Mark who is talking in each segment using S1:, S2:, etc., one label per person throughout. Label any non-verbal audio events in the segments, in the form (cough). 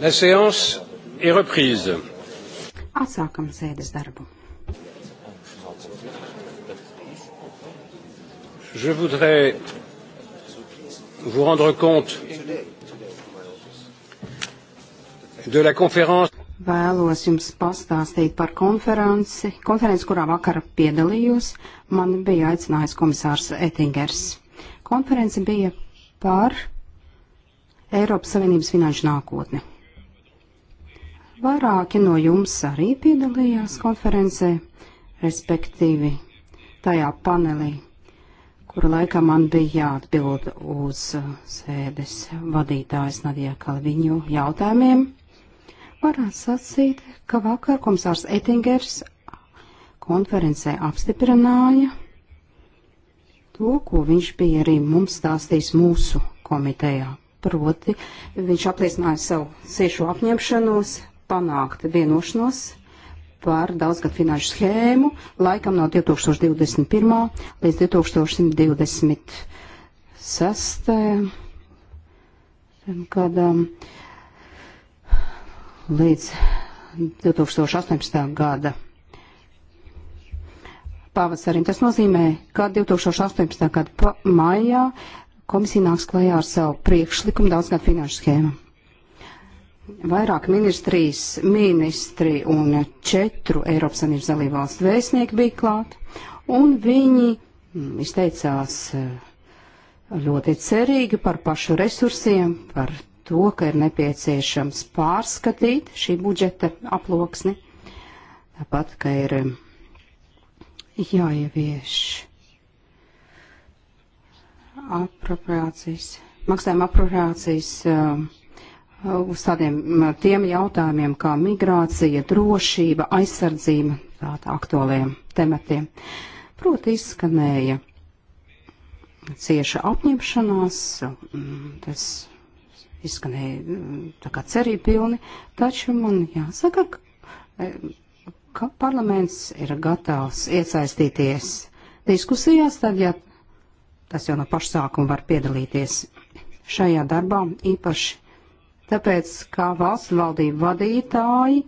S1: La séance est reprise. Atsākam sēdes darbu.
S2: Je voudrais
S1: vous rendre compte de la conférence.
S2: Vēlos jums pastāstīt par konferenci, konferenci, kurā vakar piedalījos. Man bija aicinājis komisārs Ettingers. Konference bija par Eiropas Savienības finanšu nākotni. Vairāki no jums arī piedalījās konferencē, respektīvi tajā panelī, kura laikā man bija jāatbild uz uh, sēdes vadītājas Nadijā Kalviņu jautājumiem. Varētu sacīt, ka vakar komisārs Ettingers konferencē apstiprināja to, ko viņš bija arī mums stāstījis mūsu komitejā. Proti, viņš apliecināja savu ciešu apņemšanos panākt vienošanos par daudzgad finanšu schēmu laikam no 2021. līdz 2026. gadam līdz 2018. gada pavasarim. Tas nozīmē, ka 2018. gada maijā komisija nāks klajā ar savu priekšlikumu daudzgad finanšu schēmu vairāk ministrijas ministri un četru Eiropas Savienības dalībvalstu vēstnieki bija klāt, un viņi mm, izteicās eh, ļoti cerīgi par pašu resursiem, par to, ka ir nepieciešams pārskatīt šī budžeta aploksni, tāpat, ka ir mm, jāievieš apropriācijas, maksājuma apropriācijas uh, uz tādiem tiem jautājumiem kā migrācija, drošība, aizsardzība, tāda aktuālajiem tematiem. Proti izskanēja cieša apņemšanās, tas izskanēja tā kā cerība pilni, taču man jāsaka, e, ka parlaments ir gatavs iesaistīties diskusijās, tad, ja tas jau no pašsākuma var piedalīties šajā darbā, īpaši Tāpēc, kā valsts valdība vadītāji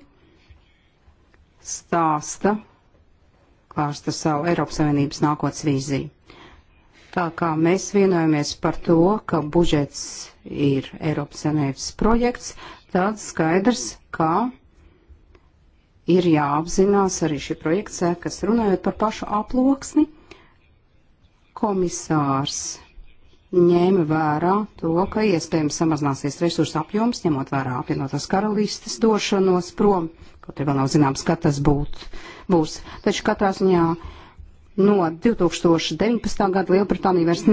S2: stāsta, klāsta savu Eiropas Savienības nākotnes vīziju. Tā kā mēs vienojamies par to, ka budžets ir Eiropas Savienības projekts, tad skaidrs, ka ir jāapzinās arī šī projekta sekas. Runājot par pašu aploksni, komisārs ņēma vērā to, ka iespējams samazināsies resursu apjoms, ņemot vērā apvienotās karalistes došanos prom, kaut arī vēl nav zināms, kad tas būt, būs. Taču katrā ziņā no 2019. gada Lielbritānija vairs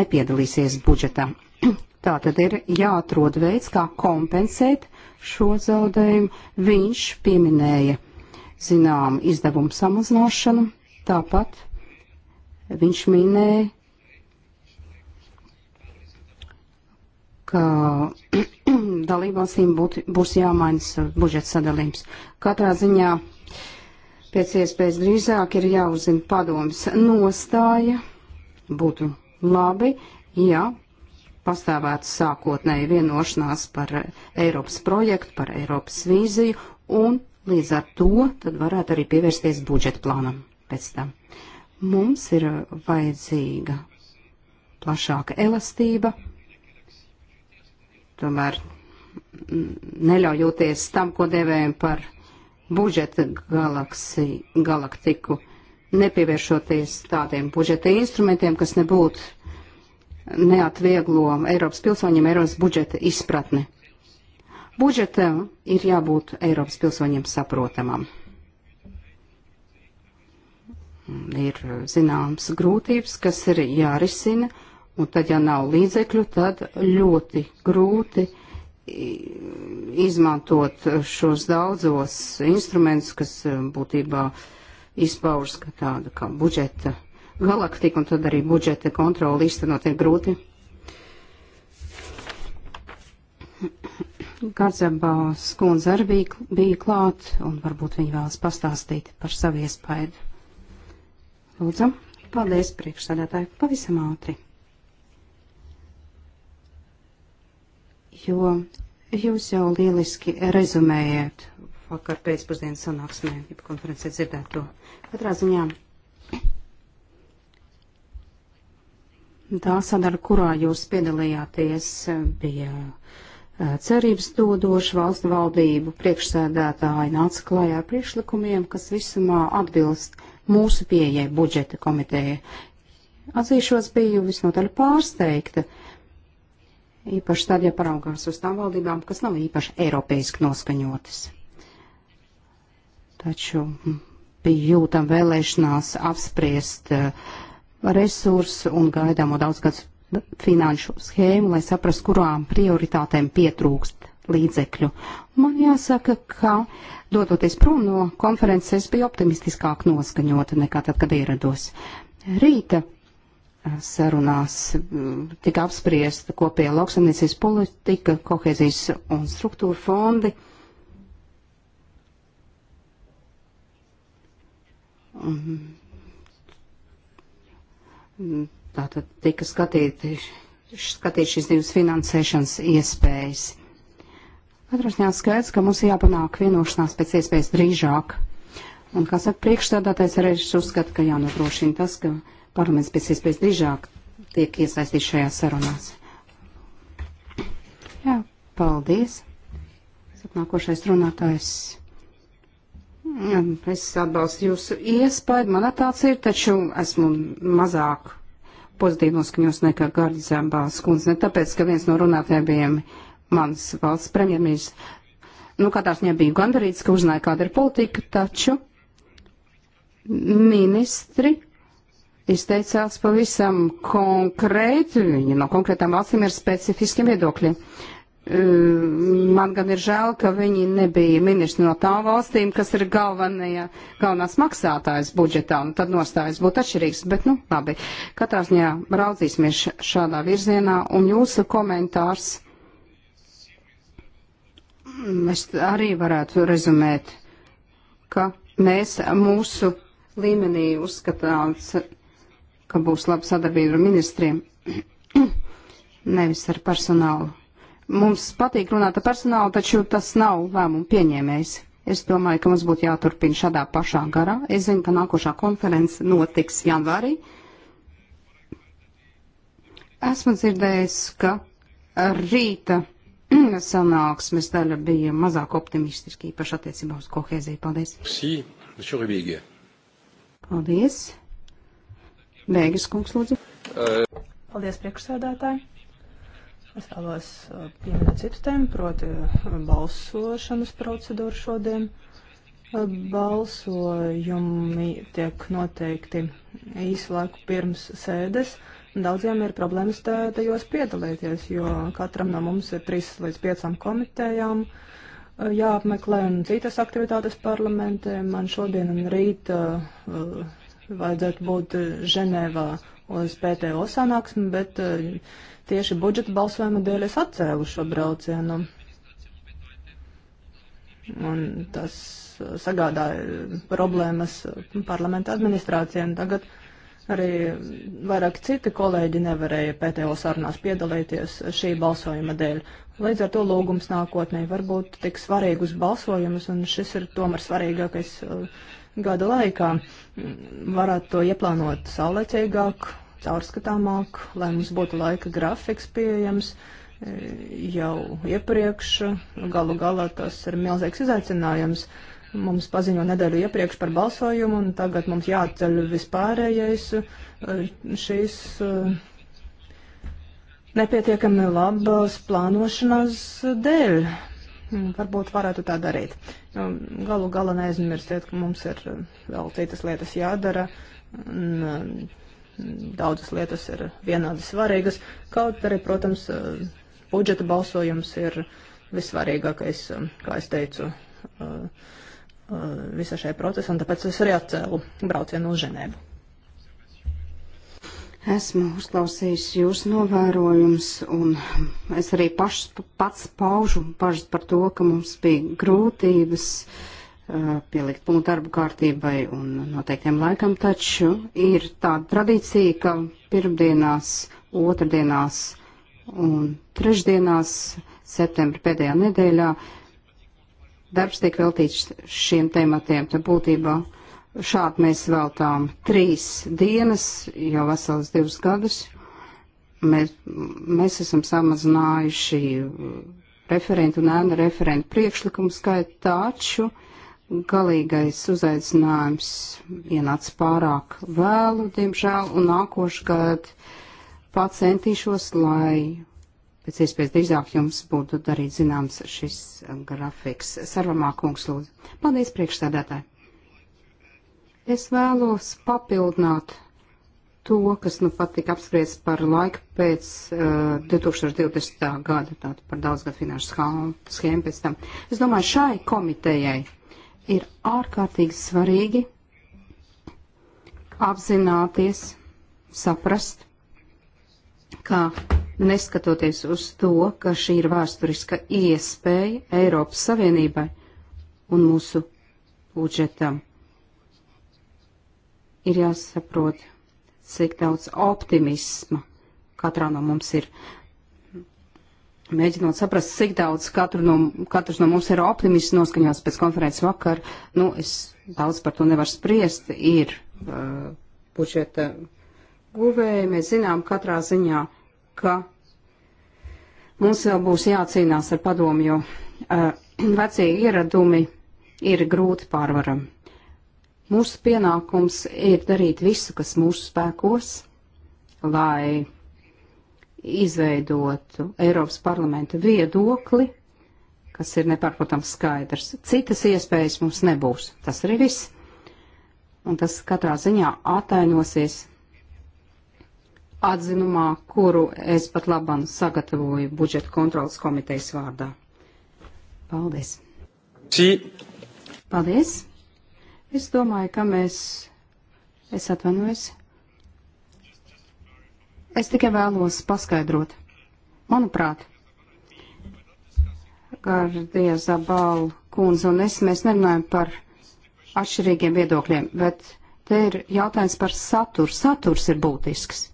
S2: nepiedalīsies budžetā. (clears throat) Tā tad ir jāatrod veids, kā kompensēt šo zaudējumu. Viņš pieminēja, zinām, izdevumu samazināšanu, tāpat viņš minēja ka (clears throat) dalībvalstīm būt, būs jāmaina budžeta sadalījums. Katrā ziņā pēc iespējas drīzāk ir jāuzzina padomas nostāja. Būtu labi, ja pastāvētu sākotnēji vienošanās par Eiropas projektu, par Eiropas vīziju, un līdz ar to tad varētu arī pievērsties budžeta plānam pēc tam. Mums ir vajadzīga plašāka elastība, tomēr neļaujoties tam, ko devējam par budžeta galaksi, galaktiku, nepievēršoties tādiem budžeta instrumentiem, kas nebūtu neatvieglo Eiropas pilsoņiem Eiropas budžeta izpratni. Budžetam ir jābūt Eiropas pilsoņiem saprotamam. Ir zināms grūtības, kas ir jārisina Un tad, ja nav līdzekļu, tad ļoti grūti izmantot šos daudzos instrumentus, kas eh, būtībā izpaužas kā tāda kā budžeta galaktika, un tad arī budžeta kontroli īstenot ir grūti. Gazabās kundze arī bija, bija klāt, un varbūt viņa vēlas pastāstīt par savu iespaidu. Lūdzam, paldies priekšsādātāju pavisam ātri. jo jūs jau lieliski rezumējāt vakar pēcpusdienas sanāksmē, ja konferencē dzirdēto. Katrā ziņā tā sadara, kurā jūs piedalījāties, bija cerības dodoša valstu valdību priekšsēdētāji nāca klājā ar priekšlikumiem, kas visumā atbilst mūsu pieejai budžeta komiteja. Atzīšos, biju visnotaļ pārsteigta īpaši tad, ja paraugās uz tām valdībām, kas nav īpaši eiropeiski noskaņotas. Taču bija jūtama vēlēšanās apspriest eh, resursu un gaidāmo daudzgadus finanšu schēmu, lai saprastu, kurām prioritātēm pietrūkst līdzekļu. Man jāsaka, ka dodoties prom no konferences, es biju optimistiskāk noskaņota nekā tad, kad ierados. Rīta sarunās tika apspriesta kopējā lauksamniecības politika, kohēzijas un struktūra fondi. Tātad tika skatīti, skatīt šīs divas finansēšanas iespējas. Katrs ņēma skaidrs, ka mums jāpanāk vienošanās pēc iespējas drīžāk. Un, kā saka priekšstādātais, arī es uzskatu, ka jānodrošina tas, ka parlaments pēc iespējas drīzāk tiek iesaistīts šajās sarunās. Jā, paldies. Nākošais runātājs. Es atbalstu jūsu iespēju, man tāds ir, taču esmu mazāk pozitīvi noskaņos nekā Gārģis Zembāls kundze, ne tāpēc, ka viens no runātājiem bija mans valsts premjerministrs. Nu, katrā ziņā biju gandarīts, ka uzzināju, kāda ir politika, taču ministri izteicās pavisam konkrēti, viņa no konkrētām valstīm ir specifiskiem viedokļiem. Man gan ir žēl, ka viņi nebija ministri no tām valstīm, kas ir galvenie, galvenās maksātājas budžetā, un tad nostājas būtu atšķirīgs, bet, nu, labi. Katrā ziņā raudzīsimies šādā virzienā, un jūsu komentārs mm, es arī varētu rezumēt, ka mēs mūsu līmenī uzskatām ka būs laba sadarbība ar ministriem, (clears throat) nevis ar personālu. Mums patīk runāt ar personālu, taču tas nav lēmumu pieņēmējs. Es domāju, ka mums būtu jāturpina šādā pašā garā. Es zinu, ka nākošā konference notiks janvārī. Esmu dzirdējis, ka rīta (clears throat) sanāksmes daļa bija mazāk optimistiski, īpaši attiecībā uz kohēziju. Paldies! Paldies!
S3: Bēgis kungs, lūdzu. Paldies, priekšsēdētāji. Es vēlos uh, pieminēt citu tēmu, proti uh, balsošanas procedūru šodien. Uh, balsojumi tiek noteikti īsu laiku pirms sēdes. Daudziem ir problēmas tajos piedalīties, jo katram no mums ir trīs līdz piecām komitejām jāapmeklē un citas aktivitātes parlamentē. Man šodien un rīt uh, vajadzētu būt eh, Ženēvā uz PTO sanāksmi, bet eh, tieši budžeta balsojuma dēļ es atcēlu šo braucienu. Un tas eh, sagādāja problēmas parlamenta administrācijai. Tagad arī vairāk citi kolēģi nevarēja PTO sarunās piedalīties šī balsojuma dēļ. Līdz ar to lūgums nākotnē varbūt tik svarīgus balsojumus, un šis ir tomēr svarīgākais. Uh, gada laikā. Varētu to ieplānot saulēcīgāk, caurskatāmāk, lai mums būtu laika grafiks pieejams e, jau iepriekš. Galu galā tas ir milzīgs izaicinājums. Mums paziņo nedēļu iepriekš par balsojumu, un tagad mums jāatceļ vispārējais e, šīs e, nepietiekami labas plānošanas dēļ Mm, varbūt varētu tā darīt. Nu, galu galā neaizmirstiet, ka mums ir eh, vēl citas lietas jādara. Un, eh, daudzas lietas ir vienādi svarīgas. Kaut arī, protams, eh, budžeta balsojums ir vissvarīgākais, kā es teicu, visā šajā procesā, un tāpēc es arī atcēlu braucienu uz Ženēvu.
S2: Esmu uzklausījis jūsu novērojums, un es arī paš, pats paužu pažas par to, ka mums bija grūtības uh, pielikt punktu darbu kārtībai un noteiktiem laikam, taču ir tāda tradīcija, ka pirmdienās, otrdienās un trešdienās, septembra pēdējā nedēļā, darbs tiek veltīts šiem tematiem, tad būtībā Šādi mēs veltām trīs dienas, jau vesels divus gadus. Mēs, mēs esam samazinājuši referentu un ēnu referentu priekšlikumu skaitu, taču galīgais uzaicinājums ienāca pārāk vēlu, diemžēl, un nākošgad pacentīšos, lai pēc iespējas drīzāk jums būtu darīt zināms šis grafiks. Sarvamā kungs lūdzu. Paldies priekšstādātāji! Es vēlos papildināt to, kas nu pat tika apspriests par laiku pēc uh, eh, 2020. gada, tātad par daudzgadu finanšu schēmu pēc tam. Es domāju, šai komitejai ir ārkārtīgi svarīgi apzināties, saprast, ka neskatoties uz to, ka šī ir vēsturiska iespēja Eiropas Savienībai un mūsu budžetam, ir jāsaprot, cik daudz optimisma katrā no mums ir. Mēģinot saprast, cik daudz katru no, katrs no mums ir optimists noskaņots pēc konferences vakar, nu, es daudz par to nevaru spriest, ir uh, budžeta guvēji, mēs zinām katrā ziņā, ka mums vēl būs jācīnās ar padomu, jo uh, (clears throat) vecie ieradumi ir grūti pārvarami. Mūsu pienākums ir darīt visu, kas mūsu spēkos, lai izveidotu Eiropas parlamenta viedokli, kas ir nepārprotams skaidrs. Citas iespējas mums nebūs. Tas arī viss. Un tas katrā ziņā atainosies atzinumā, kuru es pat labam sagatavoju budžeta kontrolas komitejas vārdā. Paldies! Sī. Paldies! Es domāju, ka mēs, es atvainojos, es tikai vēlos paskaidrot. Manuprāt, Gardija Zabalu kundze un es, mēs nerunājam par atšķirīgiem viedokļiem, bet te ir jautājums par saturu. Saturs ir būtisks.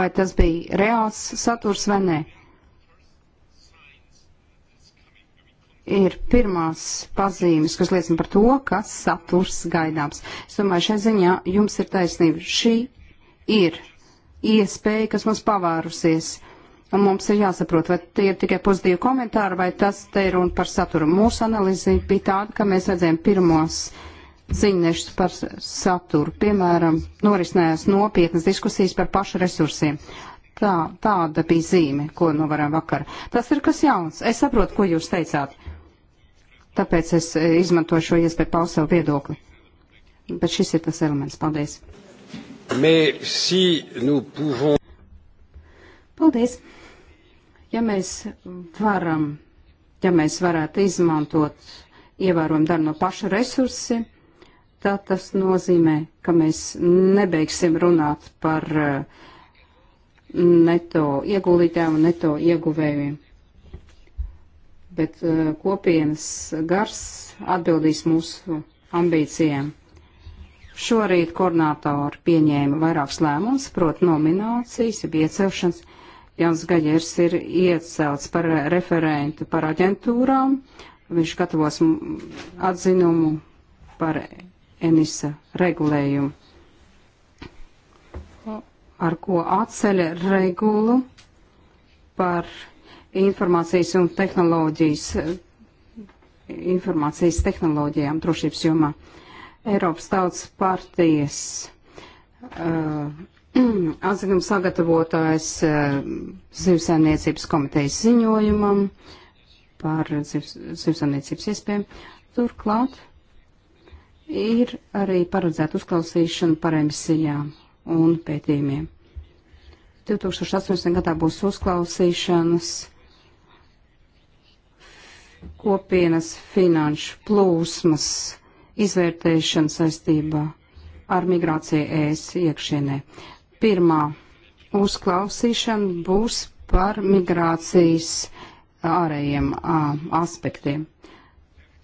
S2: Vai tas bija reāls saturs vai nē? ir pirmās pazīmes, kas liecina par to, ka saturs gaidāms. Es domāju, šai ziņā jums ir taisnība. Šī ir iespēja, kas mums pavārusies. Un mums ir jāsaprot, vai tie ir tikai pozitīvi komentāri, vai tas te ir runa par saturu. Mūsu analīze bija tāda, ka mēs redzējām pirmos ziņnešus par saturu. Piemēram, norisinājās nopietnas diskusijas par pašu resursiem. Tā, tāda bija zīme, ko nu varam vakar. Tas ir kas jauns. Es saprotu, ko jūs teicāt. Tāpēc es eh, izmantošu šo iespēju paust savu viedokli. Bet šis ir tas elements. Paldies.
S1: Mais, si pouvons...
S2: Paldies. Ja mēs varam, ja mēs varētu izmantot ievērojumu darbu no paša resursi, tad tas nozīmē, ka mēs nebeigsim runāt par eh, neto ieguldītājiem un neto ieguvējiem bet eh, kopienas gars atbildīs mūsu ambīcijām. Šorīt koordinātori pieņēma vairākus lēmumus, proti nominācijas, jeb iecelšanas. Jans Gaļers ir iecelts par referentu par aģentūrām. Viņš gatavos atzinumu par Enisa regulējumu, ar ko atceļ regulu par informācijas un tehnoloģijas, informācijas tehnoloģijām drošības jomā. Eiropas tautas partijas uh, (clears throat) atzinuma sagatavotājs uh, eh, zivsēmniecības komitejas ziņojumam par zivs, zivsēmniecības iespējām. Turklāt ir arī paredzēta uzklausīšana par emisijām un pētījumiem. 2018. gadā būs uzklausīšanas kopienas finanšu plūsmas izvērtēšana saistībā ar migrāciju ES iekšienē. Pirmā uzklausīšana būs par migrācijas ārējiem a, aspektiem.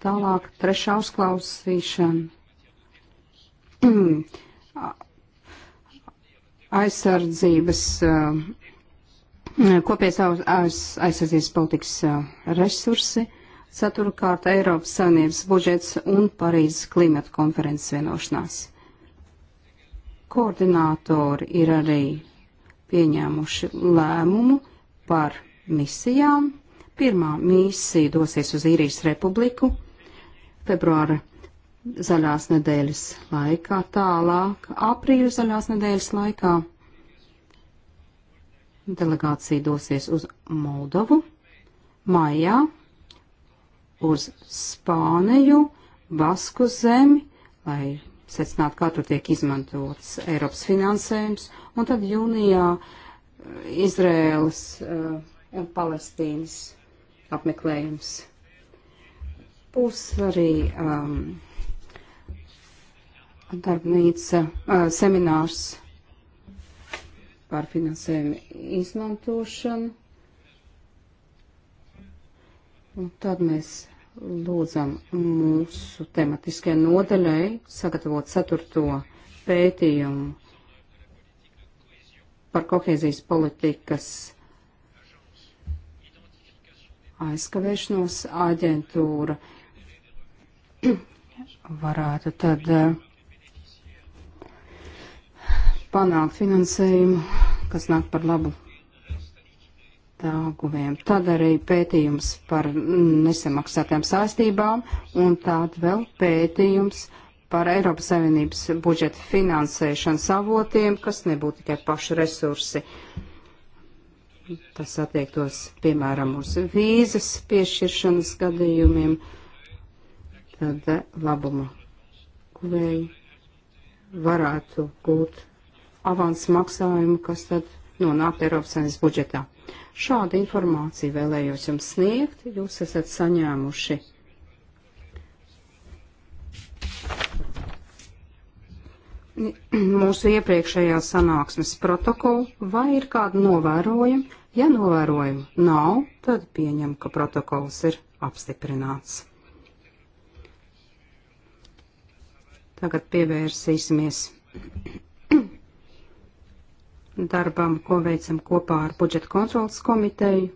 S2: Tālāk trešā uzklausīšana. (clears throat) aizsardzības, kopies aiz, aiz, aizsardzības politikas resursi ceturkārt Eiropas Savienības budžets un Parīzes klimata konferences vienošanās. Koordinātori ir arī pieņēmuši lēmumu par misijām. Pirmā misija dosies uz īrijas republiku februāra zaļās nedēļas laikā, tālāk aprīļa zaļās nedēļas laikā. Delegācija dosies uz Moldovu maijā uz Spāniju, Basku zemi, lai secinātu, kā tur tiek izmantots Eiropas finansējums, un tad jūnijā eh, Izrēlas uh, eh, un Palestīnas apmeklējums. Būs arī um, darbnīca uh, seminārs par finansējumu izmantošanu. Un tad mēs lūdzam mūsu tematiskajai nodaļai sagatavot ceturto pētījumu par kohēzijas politikas aizkavēšanos aģentūra varētu tad eh, panākt finansējumu, kas nāk par labu auguviem. Tad arī pētījums par nesamaksātām saistībām un tād vēl pētījums par Eiropas Savienības budžeta finansēšanas avotiem, kas nebūtu tikai paši resursi. Tas attiektos, piemēram, uz vīzas piešķiršanas gadījumiem, tad eh, labumu guvēji varētu gūt avans maksājumu, kas tad nonākt Eiropas Savienības budžetā. Šādu informāciju vēlējos jums sniegt. Jūs esat saņēmuši mūsu iepriekšējā sanāksmes protokolu, vai ir kādi novērojumi. Ja novērojumu nav, tad pieņem, ka protokols ir apstiprināts. Tagad pievērsīsimies darbam, ko veicam kopā ar budžeta kontrolas komiteju.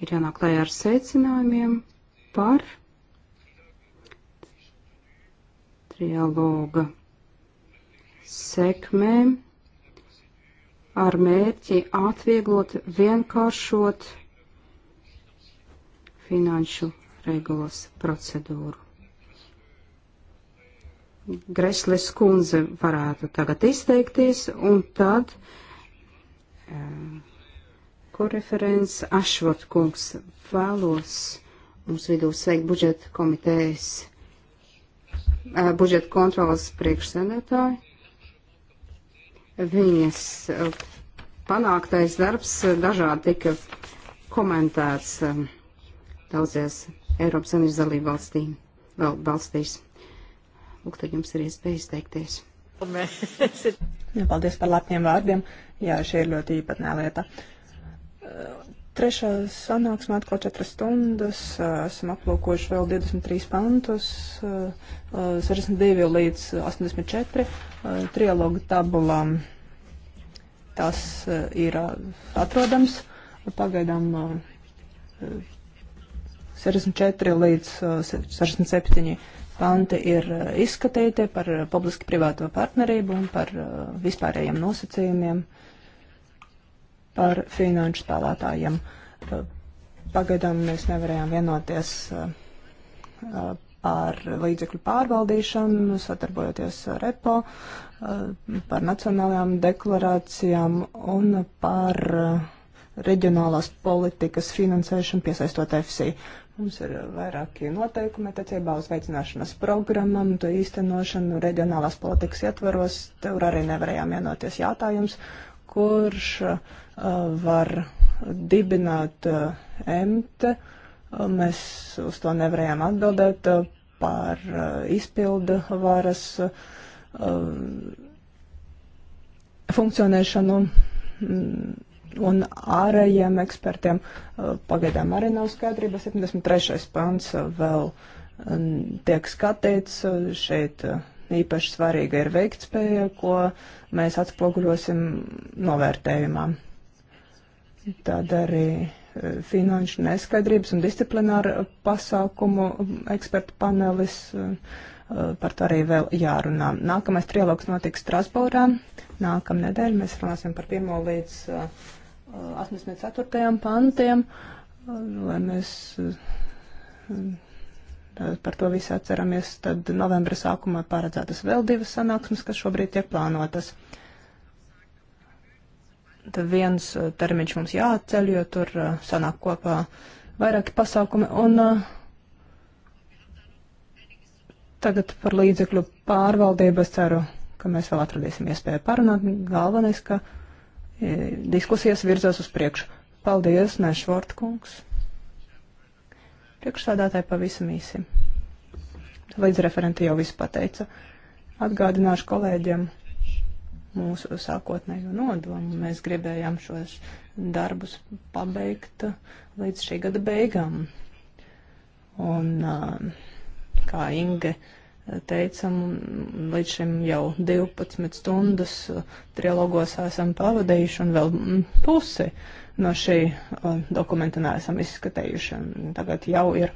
S2: Ir jānāk klajā ar secinājumiem par trialoga sekmēm ar mērķi atvieglot, vienkāršot finanšu regulas procedūru. Gresles kundze varētu tagad izteikties, un tad eh, koreferents Ašvort kungs vēlos mums vidū sveikt budžeta komitejas, eh, budžeta kontrolas priekšsenētāju. Viņas eh, panāktais darbs dažādi tika komentēts daudzies Eiropas Savienības dalību valstīm, valstīs. Val, Lūk, tad jums ir iespēja
S3: izteikties. (laughs) Paldies par lepniem vārdiem. Jā, šī ir ļoti īpatnē lieta. Trešā sanāksme atkal četras stundas. Esam aplūkojuši vēl 23 pantus, 62 līdz 84 trialogu tabulām. Tas ir atrodams. Pagaidām 64 eh, līdz 67 eh, panti ir eh, izskatīti par eh, publiski-privāto partnerību un par eh, vispārējiem nosacījumiem par finanšu spēlētājiem. Pagaidām mēs nevarējām vienoties par līdzekļu pārvaldīšanu, sadarbojoties ar EPO, par nacionālajām deklarācijām un par reģionālās politikas finansēšanu piesaistot FSI. Mums ir eh, vairākie noteikumi attiecībā uz veicināšanas programmam, to īstenošanu reģionālās politikas ietvaros. Tur arī nevarējām vienoties jautājums, kurš uh, var dibināt uh, eh, MT. Mēs uz to nevarējām atbildēt uh, par uh, izpildu varas uh, funkcionēšanu. Mm, un ārējiem ekspertiem. Uh, pagaidām arī nav skaidrība. 73. pants uh, vēl um, tiek skatīts. Uh, šeit īpaši svarīga ir veiktspēja, ko mēs atspoguļosim novērtējumā. Tad arī finanšu neskaidrības un disciplināru pasākumu ekspertu panelis. Par to arī vēl jārunā. Nākamais trialogs notiks Strasbūrā. Nākamnedēļ mēs runāsim par pirmo līdz uh, 84. Uh, pantiem, uh, lai mēs uh, par to visu atceramies, tad novembra sākumā paredzētas vēl divas sanāksmes, kas šobrīd tiek plānotas. Tad viens termiņš mums jāatceļ, jo tur sanāk kopā vairāki pasākumi. Un tagad par līdzekļu pārvaldību es ceru, ka mēs vēl atradīsim iespēju parunāt. Galvenais, ka E, diskusijas virzās uz priekšu. Paldies, Nešvort kungs. Priekšsādātāji pavisam īsi. Līdz referenti jau visu pateica. Atgādināšu kolēģiem mūsu sākotnējo nodomu. Mēs gribējām šos darbus pabeigt līdz šī gada beigām. Un, kā Inge uh, teicam, līdz šim jau 12 stundas trilogos esam pavadījuši un vēl pusi no šī um, dokumenta neesam izskatījuši. Tagad jau ir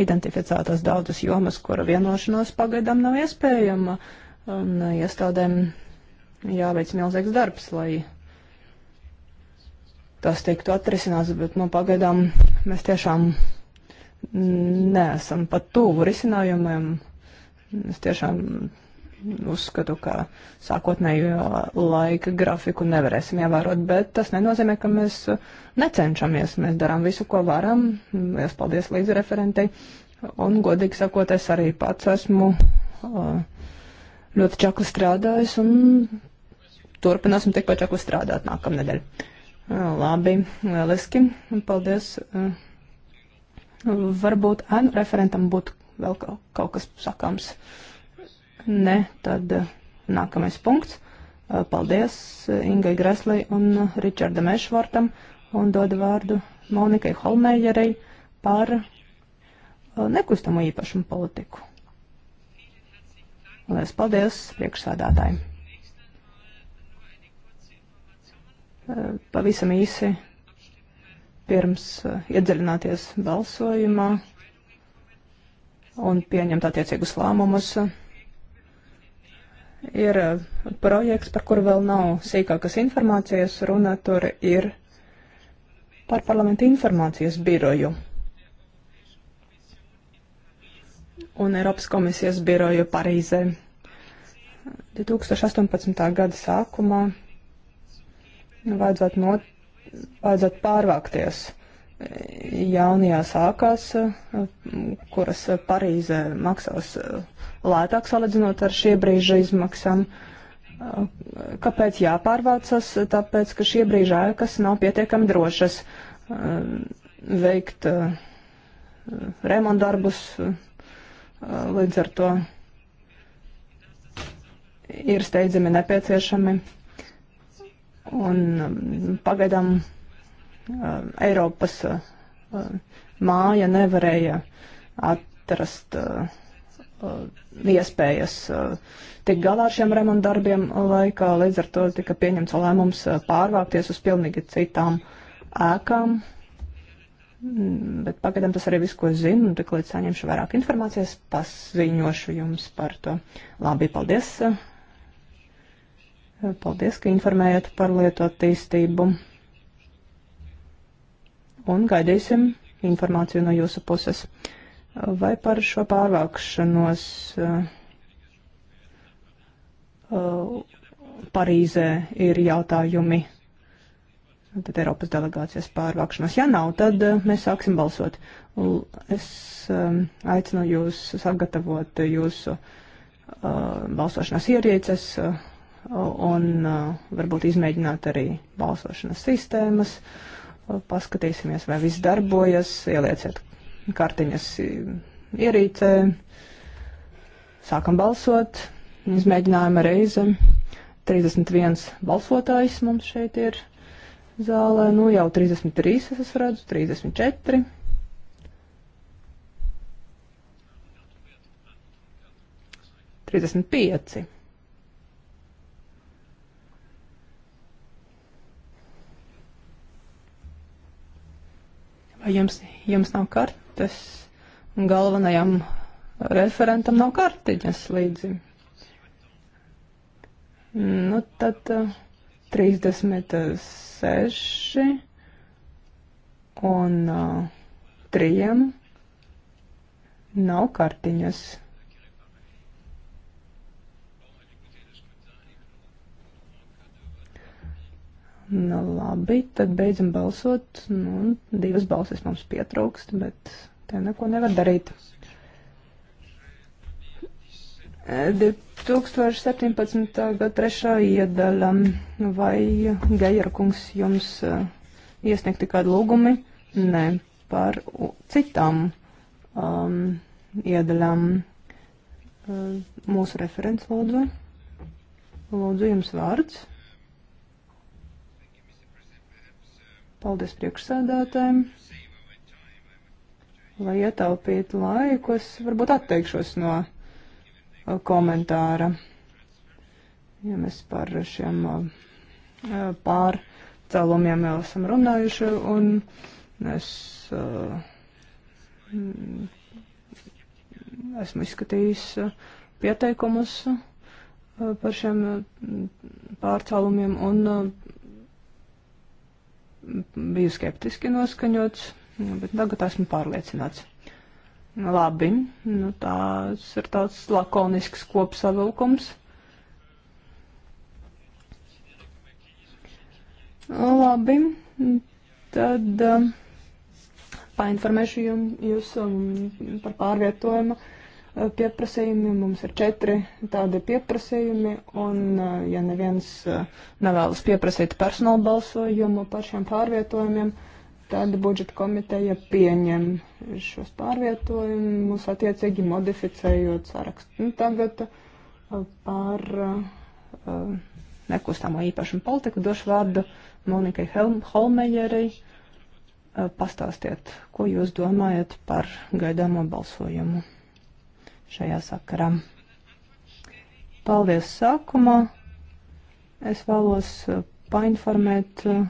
S3: identificētas daudzas jomas, kura vienošanos pagaidām nav iespējama, un iestādēm jāveic milzīgs darbs, lai tas tiktu atrisināts, bet nu, pagaidām mēs tiešām neesam pat tuvu risinājumiem Es tiešām uzskatu, ka sākotnējo laika grafiku nevarēsim ievērot, bet tas nenozīmē, ka mēs necenšamies. Mēs darām visu, ko varam. Es paldies līdz referentei. Un, godīgi sakot, es arī pats esmu ļoti čakli strādājis un turpināsim tikpat čakli strādāt nākamnedēļ. Labi, lieliski. Paldies. Varbūt referentam būtu vēl kaut, kaut kas sakāms? Nē, tad eh, nākamais punkts. Eh, paldies eh, Ingai Greslī un Ričardam Ešvartam un dodu vārdu Monikai Holmējerei par nekustamo īpašumu politiku. Lielas paldies priekšsādātājiem. Pavisam īsi pirms iedziļināties balsojumā un pieņemt attiecīgus lēmumus. Ir uh, projekts, par kuru vēl nav sīkākas informācijas, runa tur ir par parlamenta informācijas biroju un Eiropas komisijas biroju Parīzē. 2018. gada sākumā vajadzētu, not, vajadzētu pārvākties jaunajā sākās, kuras Parīze maksās lētāk salīdzinot ar šie brīža izmaksām. Kāpēc jāpārvācas? Tāpēc, ka šie brīža ēkas nav pietiekami drošas veikt remontdarbus, līdz ar to ir steidzami nepieciešami. Un um, pagaidām Eiropas māja nevarēja atrast iespējas tikt galā ar šiem remontdarbiem laikā, līdz ar to tika pieņemts lēmums pārvākties uz pilnīgi citām ēkām. Mm, bet pagaidām tas arī viss, ko es zinu, un tik līdz saņemšu vairāk informācijas, paziņošu jums par to. Labi, paldies! Paldies, ka informējat par lietu attīstību un gaidīsim informāciju no jūsu puses. Vai par šo pārvākšanos uh, Parīzē ir jautājumi? Tad Eiropas delegācijas pārvākšanos. Ja nav, tad uh, mēs sāksim balsot. Es um, aicinu jūs sagatavot jūsu uh, balsošanas ierīces uh, un uh, varbūt izmēģināt arī balsošanas sistēmas. Uh, Paskatīsimies, vai viss darbojas, ielieciet kartiņas ierīcē, sākam balsot, izmēģinājuma reize. 31 balsotājs mums šeit ir zālē, nu jau 33 es redzu, 34. Trīsdesmit pieci. Jums, jums nav kartes, galvenajam referentam nav kartiņas līdzi. Nu, tad uh, eh, 36 un uh, eh, 3 nav kartiņas. Nu, labi, tad beidzam balsot. Nu, divas balsis mums pietrūkst, bet te neko nevar darīt. 2017. gada trešā iedaļa. Vai Geijer kungs jums eh, iesniegti kādu lūgumi? Nē, par citām um, iedaļām. Eh, mūsu referents lūdzu. Lūdzu, jums vārds. Paldies priekšsēdētājiem. Lai ietaupītu laiku, es varbūt atteikšos no uh, komentāra. Ja mēs par šiem uh, uh, pārcelumiem jau esam runājuši, un es mm, esmu izskatījis pieteikumus par šiem pārcelumiem, un biju skeptiski noskaņots, bet tagad esmu pārliecināts. Nu, labi, nu tās ir tāds lakonisks kopsavilkums. Nu, labi, tad uh, painformēšu jums, jūs um, par pārvietojumu. Uh, Eh, pieprasījumi. Mums ir četri tādi pieprasījumi, un eh, ja neviens eh, nevēlas pieprasīt personāla balsojumu par šiem pārvietojumiem, tad budžeta komiteja pieņem šos pārvietojumus, attiecīgi modificējot sarakstu. Nu, tagad par uh, nekustamo īpašumu politiku došu vārdu Monikai Holmejerei. Uh, pastāstiet, ko jūs domājat par gaidāmo balsojumu šajā sakarā. Paldies sākumā. Es vēlos uh, painformēt uh,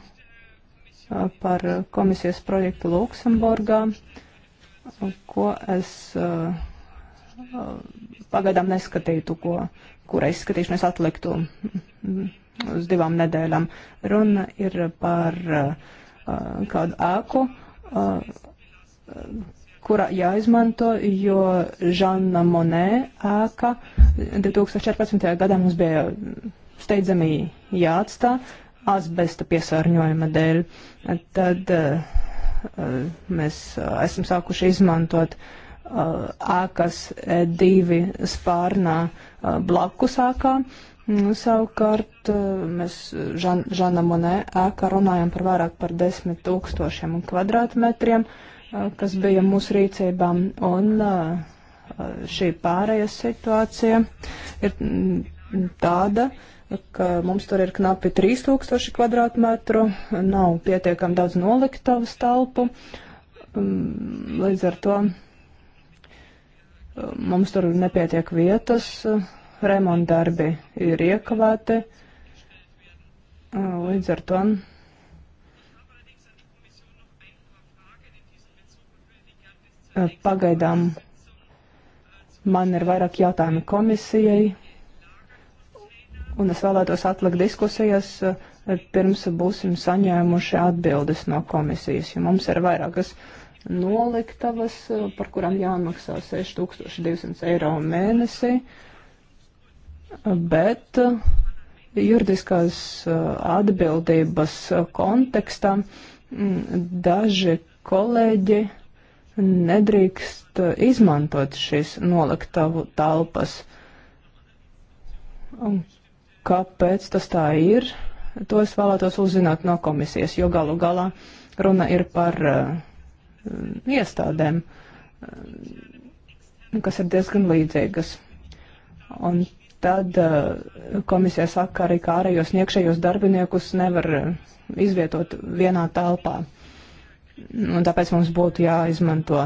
S3: uh, par komisijas projektu Luksemburgā, ko es pagaidām neskatītu, ko, kura izskatīšana es atliktu mm, uz divām nedēļām. Runa ir par kādu ēku kura jāizmanto, jo Žana Monē ēka 2014. gadā mums bija steidzami jāatstā asbesta piesārņojuma dēļ. Tad eh, mēs esam sākuši izmantot eh, ēkas divi spārnā eh, blakus ēkā. Nu, savukārt, mēs Žan, Žana Monē ēkā runājam par vairāk par desmit tūkstošiem kvadrātmetriem. Uh, kas bija mūsu rīcībām, un šī pārējas situācija ir tāda, ka mums tur ir knapi 3000 kvadrātmetru, nav pietiekami daudz noliktavas telpu, līdz ar to mums tur nepietiek vietas, remontdarbi ir iekavēti, līdz ar to. Eh, pagaidām man ir vairāk jautājumu komisijai, un es vēlētos atlikt diskusijas, eh, pirms būsim saņēmuši atbildes no komisijas, jo mums ir vairākas noliktavas, eh, par kurām jāmaksā 6200 eiro mēnesī, bet juridiskās atbildības kontekstā mm, daži kolēģi nedrīkst izmantot šīs noliktavu telpas. Un kāpēc tas tā ir? To es vēlētos uzzināt no komisijas, jo galu galā runa ir par uh, iestādēm, uh, kas ir diezgan līdzīgas. Un tad uh, komisija saka arī, ka ārējos un iekšējos darbiniekus nevar izvietot vienā telpā. Uh, Un tāpēc mums būtu jāizmanto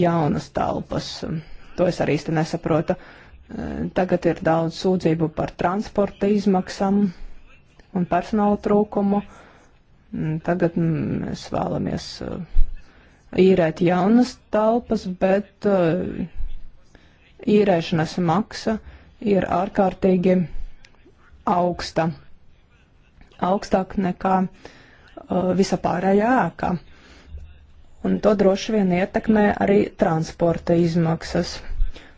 S3: jaunas telpas. To es arī īsti nesaprotu. E, tagad ir daudz sūdzību par transporta izmaksām un personāla trūkumu. Mm, tagad mm, mēs vēlamies e, īrēt jaunas telpas, bet e, īrēšanas maksa ir ārkārtīgi augsta. Augstāk nekā visa pārējā ēka un to droši vien ietekmē arī transporta izmaksas.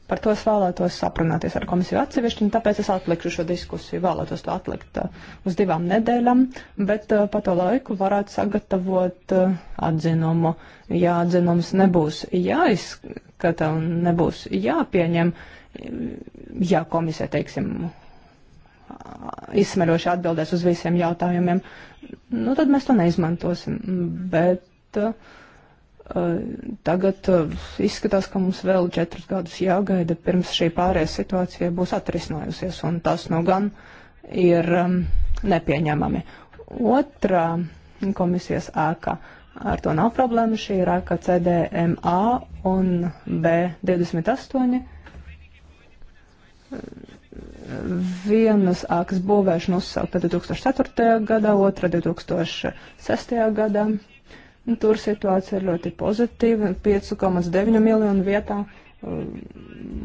S3: Par to es vēlētos aprunāties ar komisiju atsevišķi, un tāpēc es atlikšu šo diskusiju, vēlētos to atlikt uh, uz divām nedēļām, bet uh, pa to laiku varētu sagatavot uh, atzinumu. Ja atzinums nebūs jāizskata un nebūs jāpieņem, ja komisija, teiksim, izsmeļoši atbildēs uz visiem jautājumiem, nu tad mēs to neizmantosim. Bet, uh, Eh, tagad eh, izskatās, ka mums vēl četrus gadus jāgaida, pirms šī pārējais situācija būs atrisinājusies, un tas nu gan ir nepieņemami. Otra komisijas ēka. Ar to nav problēma. Šī ir ēka CDMA un B28 vienas ākas būvēšana uzsākta 2004. gadā, otra 2006. gadā. Nu, tur situācija ir ļoti pozitīva. 5,9 miljonu vietā um,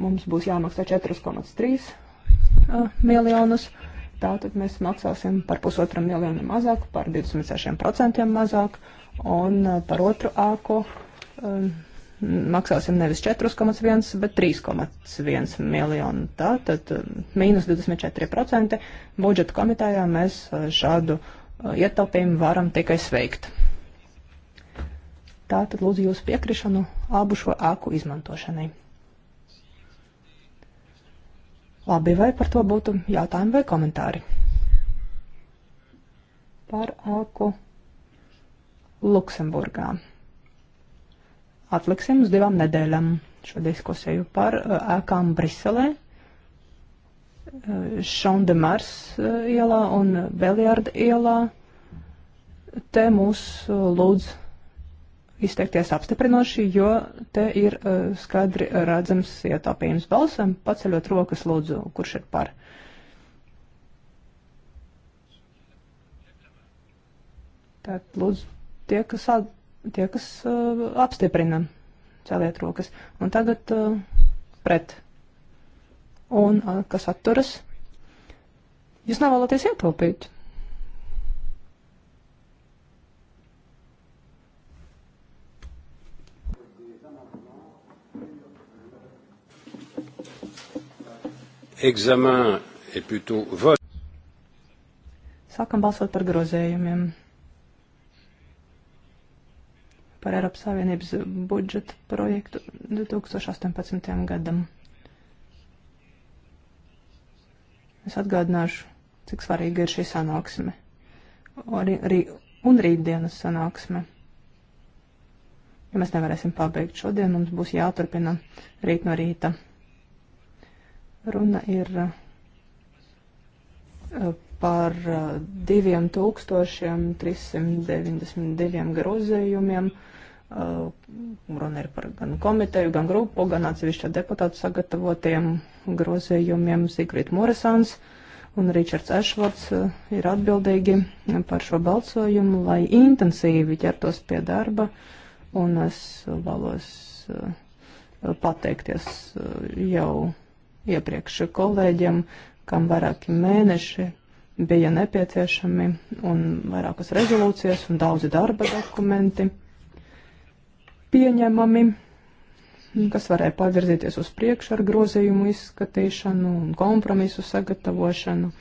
S3: mums būs jāmaksā 4,3 uh, miljonus. Tātad mēs maksāsim par pusotru miljonu mazāk, par 26% mazāk, un uh, par otru āko um, maksāsim nevis 4,1, bet 3,1 miljonu. Tātad um, mīnus 24% budžeta komitējā mēs uh, šādu ietaupījumu varam tikai sveikt. Tātad lūdzu jūsu piekrišanu abu šo āku izmantošanai. Labi, vai par to būtu jautājumi vai komentāri? Par āku Luksemburgā. Atliksim uz divām nedēļām šo diskusiju par uh, ēkām Briselē, uh, Šondemars uh, ielā un Beliarda ielā. Te mūs lūdz izteikties apstiprinoši, jo te ir uh, skaidri redzams ietaupījums balsam, paceļot rokas lūdzu, kurš ir par. Tātad lūdzu tie, kas, tie, kas uh, apstiprina, celiet rokas. Un tagad uh, pret. Un uh, kas atturas? Jūs nevēlaties ietaupīt.
S1: examen et plutôt vote.
S3: Sākam balsot par grozējumiem. Par Eiropas Savienības budžeta projektu 2018. gadam. Es atgādināšu, cik svarīga ir šī sanāksme. Arī, arī un rītdienas sanāksme. Ja mēs nevarēsim pabeigt šodien, mums būs jāturpina rīt no rīta. Runa ir uh, par 2392 uh, grozījumiem. Uh, runa ir par gan komiteju, gan grupu, gan atsevišķā deputātu sagatavotiem grozījumiem. Sigrid Morisons un Ričards Ešvards ir atbildīgi par šo balsojumu, lai intensīvi ķertos pie darba. Un es vēlos pateikties jau iepriekš kolēģiem, kam vairāki mēneši bija nepieciešami un vairākas rezolūcijas un daudzi darba dokumenti pieņemami, kas varēja pavirzīties uz priekšu ar grozījumu izskatīšanu un kompromisu sagatavošanu,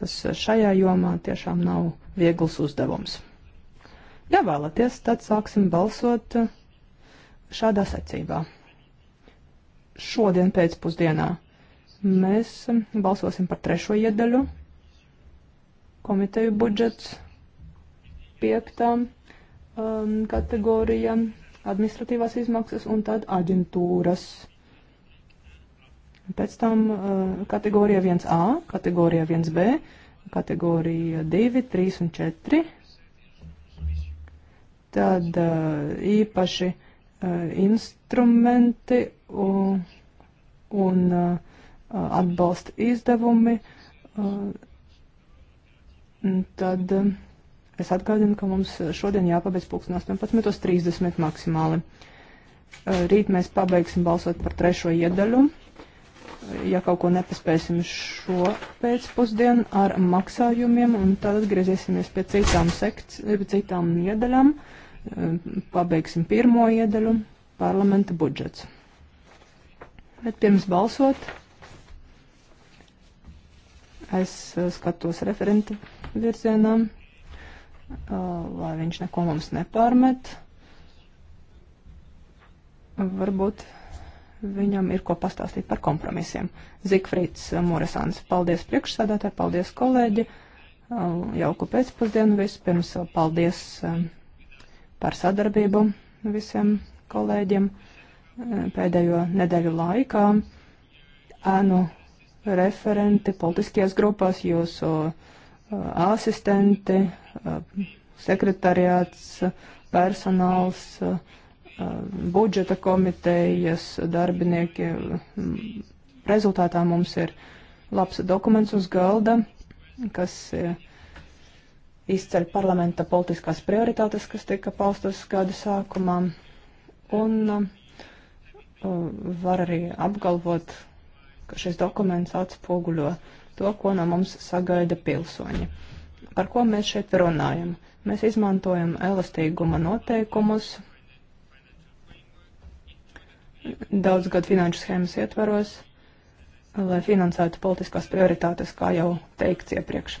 S3: kas šajā jomā tiešām nav viegls uzdevums. Ja vēlaties, tad sāksim balsot šādā secībā. Šodien pēcpusdienā Mēs balsosim par trešo iedaļu, komiteju budžets, piektā um, kategorija, administratīvās izmaksas un tad aģentūras. Pēc tam uh, kategorija 1A, kategorija 1B, kategorija 2, 3 un 4. Tad uh, īpaši uh, instrumenti un, un uh, Uh, atbalsta izdevumi, uh, tad um, es atgādinu, ka mums šodien jāpabeidz pulksten 18.30 maksimāli. Uh, rīt mēs pabeigsim balsot par trešo iedaļu. Ja kaut ko nepaspēsim šo pēcpusdienu ar maksājumiem, un tad atgriezīsimies pie citām, sekci, eh, pie citām iedaļām, pabeigsim pirmo iedaļu - parlamenta budžets. Bet pirms balsot Es eh, skatos referenta virzienā, eh, lai viņš neko mums nepārmet. Varbūt viņam ir ko pastāstīt par kompromisiem. Zikfrīds eh, Moresāns, paldies priekšsādātāji, paldies kolēģi, jauku pēcpusdienu vispirms, paldies par sadarbību visiem kolēģiem pēdējo nedēļu laikā. Ēnu referenti, politiskajās grupās, jūsu uh, asistenti, uh, sekretariāts, personāls, uh, budžeta komitejas darbinieki. Mm, rezultātā mums ir labs dokuments uz galda, kas izceļ parlamenta politiskās prioritātes, kas tika paustas gada sākumā. Un var arī apgalvot, ka šis dokuments atspoguļo to, ko no mums sagaida pilsoņi. Par ko mēs šeit runājam? Mēs izmantojam elastīguma noteikumus daudz gadu finanšu schēmas ietvaros, lai finansētu politiskās prioritātes, kā jau teikts iepriekš.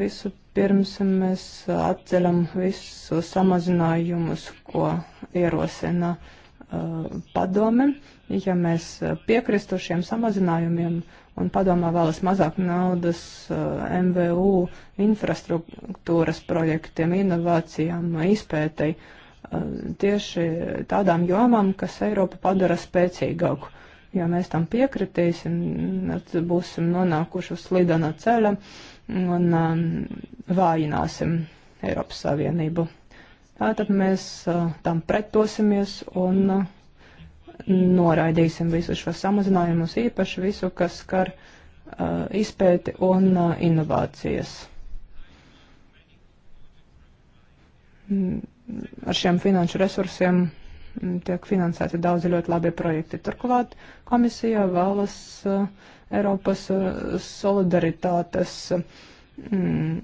S3: Visu pirms mēs atceļam visus samazinājumus, ko ierosina uh, padome. Uh, ja mēs eh, piekristu šiem samazinājumiem un padomā vēlas mazāk naudas eh, MVU infrastruktūras projektiem, inovācijām, izpētei, eh, tieši tādām jomām, kas Eiropu padara spēcīgāku. Ja mēs tam piekritīsim, tad būsim nonākuši uz slidana ceļa un um, vājināsim Eiropas Savienību. Tātad mēs tam pretosimies un. Mm noraidīsim visus šos samazinājumus, īpaši visu, kas skar uh, izpēti un uh, inovācijas. Mm, ar šiem finanšu resursiem mm, tiek finansēti daudzi ļoti labi projekti. Turklāt komisija vēlas uh, Eiropas uh, solidaritātes um,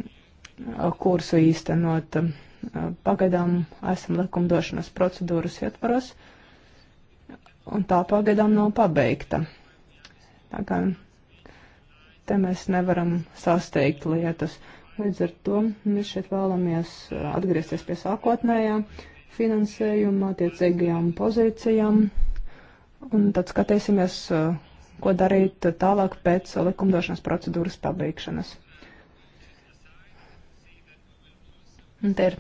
S3: kursu īstenot. Uh, pagaidām esam likumdošanas procedūras ietvaros. Uh, un tā pagaidām nav pabeigta. Tā kā te mēs nevaram sasteigt lietas. Līdz ar to mēs šeit vēlamies uh, atgriezties pie sākotnējā finansējuma attiecīgajām pozīcijām un tad skatīsimies, uh, ko darīt tālāk pēc likumdošanas procedūras pabeigšanas. Un te ir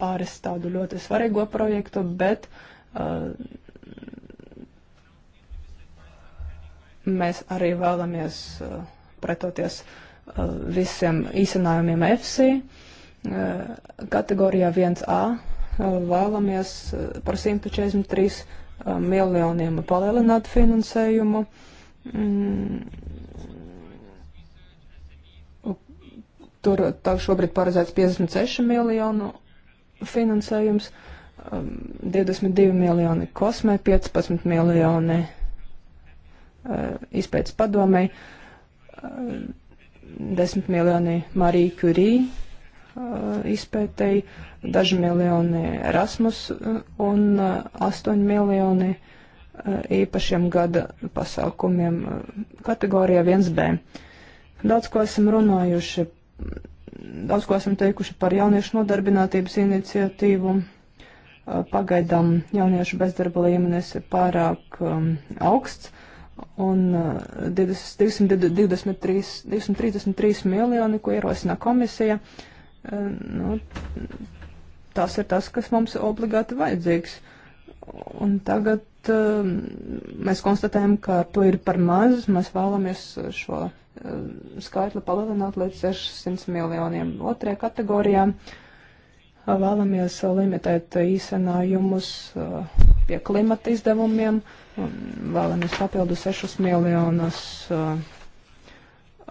S3: pāris tādu ļoti svarīgo projektu, bet uh, Mēs arī vēlamies uh, pretoties uh, visiem īsinājumiem EFSI. Uh, kategorijā 1A vēlamies par 143 miljoniem palielināt finansējumu. Mm. Tur šobrīd paredzēts 56 miljonu finansējums, 22 um, miljoni kosmē, 15 miljoni uh, Eh, izpētes padomei, eh, 10 miljoni Marija Curie eh, izpētei, daži miljoni Erasmus un 8 miljoni īpašiem gada pasākumiem kategorijā 1B. Daudz ko esam runājuši, daudz ko esam teikuši par jauniešu nodarbinātības iniciatīvu. Pagaidām jauniešu bezdarba līmenis ir pārāk um, augsts, un 223, uh, 233 miljoni, ko ierosina komisija. Uh, nu, tas ir tas, kas mums obligāti vajadzīgs. Un tagad um, mēs konstatējam, ka to ir par maz. Mēs vēlamies šo um, skaitli palielināt līdz 600 miljoniem. Otrajā kategorijā uh, vēlamies limitēt īsenājumus pie klimata izdevumiem. Uh, Vēlamies papildu 6 miljonus uh,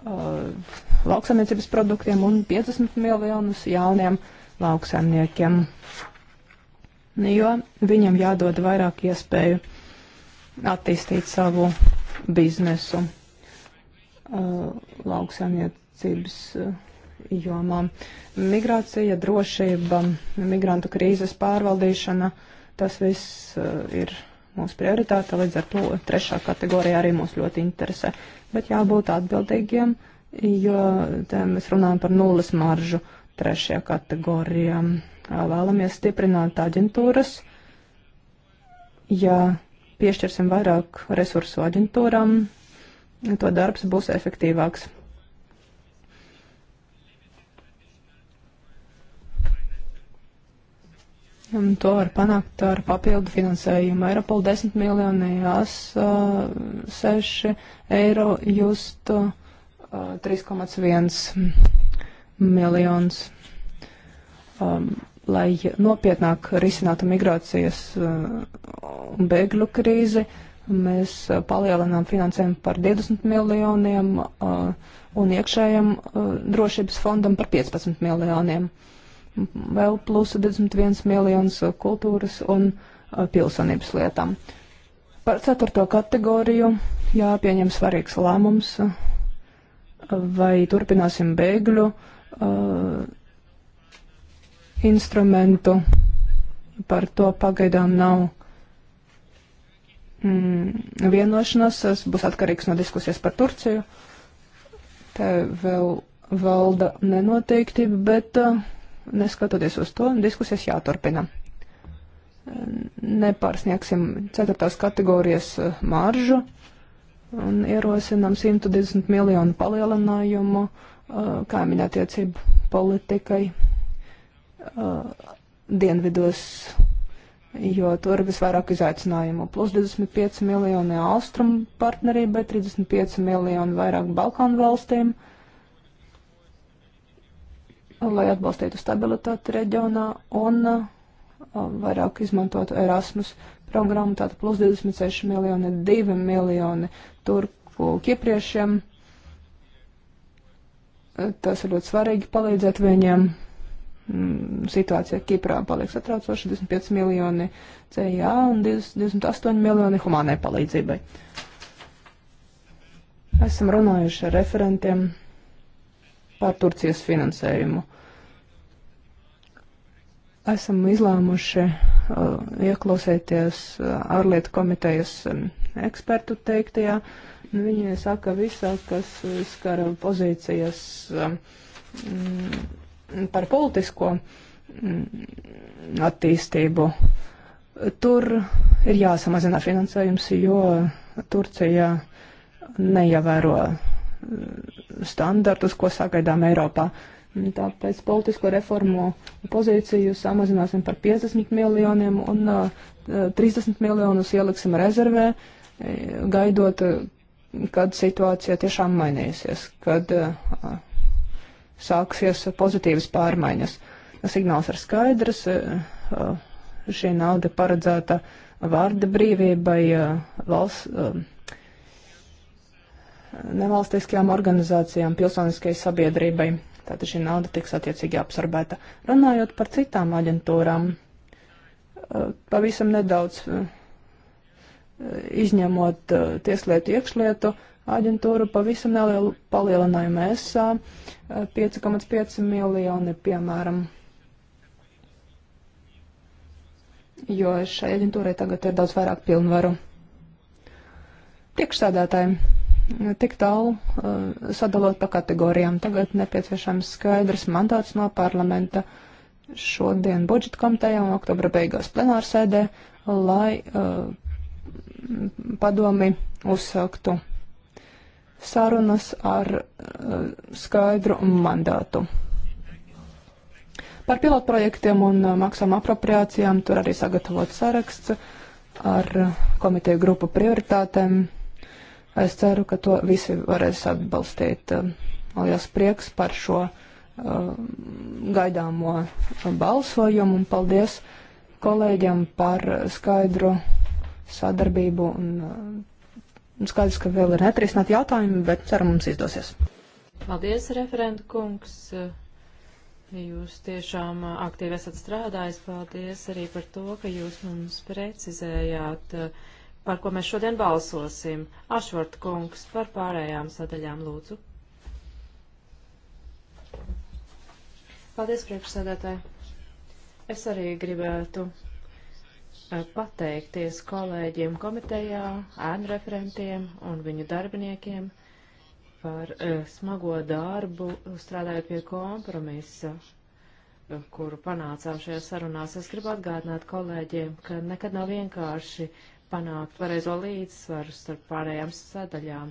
S3: uh, lauksaimniecības produktiem un 50 miljonus jauniem lauksaimniekiem, jo viņam jādod vairāk iespēju attīstīt savu biznesu uh, lauksaimniecības uh, jomā. Migrācija, drošība, migrantu krīzes pārvaldīšana, tas viss uh, ir mūsu prioritāte, līdz ar to trešā kategorija arī mūs ļoti interesē. Bet jābūt atbildīgiem, jo mēs runājam par nulles maržu trešajā kategorijā. Vēlamies stiprināt aģentūras, ja piešķirsim vairāk resursu aģentūram, to darbs būs efektīvāks. Un to var panākt ar papildu finansējumu. Eiropol 10 miljoni, JAS 6 eiro, just 3,1 miljons, um, lai nopietnāk risinātu migrācijas un bēgļu krīzi. Mēs palielinām finansējumu par 20 miljoniem uh, un iekšējiem uh, drošības fondam par 15 miljoniem. Uh, vēl plus 21 miljonus kultūras un uh, pilsonības lietām. Par ceturto kategoriju jāpieņem svarīgs lēmums, uh, vai turpināsim bēgļu uh, instrumentu. Par to pagaidām nav mm, vienošanās. Tas būs atkarīgs no diskusijas par Turciju. Te vēl valda nenoteiktība, bet uh, Neskatoties uz to, diskusijas jāturpina. Nepārsniegsim ceturtās kategorijas eh, maržu un ierosinām 120 miljonu palielinājumu eh, kaimiņattiecību politikai eh, dienvidos, jo tur ir visvairāk izaicinājumu. Plus 25 miljoni austrumu partnerībai, 35 miljoni vairāk Balkānu valstīm. Uh, lai atbalstītu stabilitāti reģionā un uh, vairāk izmantotu Erasmus programmu, tātad plus 26 miljoni, 2 miljoni turku kipriešiem. Tas ir ļoti svarīgi palīdzēt viņiem. Mm, situācija Kiprā paliek satraucoša, 25 miljoni CIA un 28 miljoni humānai palīdzībai. Esam runājuši ar referentiem par Turcijas finansējumu. Esam izlēmuši uh, ieklausēties uh, ārlietu komitejas um, ekspertu teiktajā. Nu, viņi saka visā, kas skar pozīcijas um, mm, par politisko um, attīstību. Tur ir jāsamazina finansējums, jo Turcija neievēro standartus, ko sagaidām Eiropā. Tāpēc politisko reformu pozīciju samazināsim par 50 miljoniem un uh, 30 miljonus ieliksim rezervē, eh, gaidot, eh, kad situācija tiešām mainīsies, kad uh, sāksies pozitīvas pārmaiņas. Signāls ir skaidrs, uh, šī nauda paredzēta vārda brīvībai, valsts nevalstiskajām organizācijām, pilsoniskajai sabiedrībai. Tātad šī nauda tiks attiecīgi apsarbēta. Runājot par citām aģentūrām, pavisam nedaudz izņemot tieslietu iekšlietu aģentūru, pavisam nelielu palielinājumu ESA 5,5 miljoni, piemēram. Jo šai aģentūrai tagad ir daudz vairāk pilnvaru. Priekšsādātājiem tik tālu uh, sadalot pa kategorijām. Tagad nepieciešams skaidrs mandāts no parlamenta šodien budžeta komitejā un oktobra beigās plenārsēdē, lai uh, padomi uzsāktu sarunas ar uh, skaidru mandātu. Par pilotprojektiem un uh, maksām apropriācijām tur arī sagatavot saraksts ar uh, komiteju grupu prioritātēm Es ceru, ka to visi varēs atbalstīt. Um, Liels prieks par šo um, gaidāmo balsojumu un paldies kolēģiem par skaidru sadarbību un um, skaidrs, ka vēl ir netrisināt jautājumi, bet ceru mums izdosies.
S4: Paldies, referenta kungs. Jūs tiešām aktīvi esat strādājis. Paldies arī par to, ka jūs mums precizējāt uh, par ko mēs šodien balsosim. Ašvart kungs par pārējām sadaļām lūdzu. Paldies, priekšsēdētāji. Es arī gribētu eh, pateikties kolēģiem komitejā, ēnu referentiem un viņu darbiniekiem par eh, smago darbu, strādājot pie kompromisa, eh, kuru panācām šajā sarunās. Es gribu atgādināt kolēģiem, ka nekad nav vienkārši panākt pareizo līdzsvaru starp pārējām sadaļām.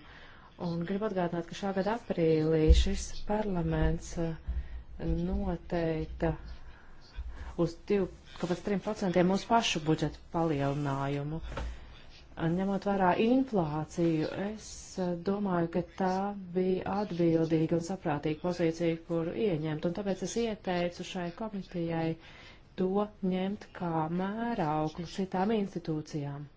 S4: Un gribu atgādināt, ka šā gada aprīlī šis parlaments eh, noteikta uz 2,3% mūsu pašu budžetu palielinājumu. Ņemot vērā inflāciju, es eh, domāju, ka tā bija atbildīga un saprātīga pozīcija, kuru ieņemt. Un tāpēc es ieteicu šai komitijai to ņemt kā mērauklu citām institūcijām.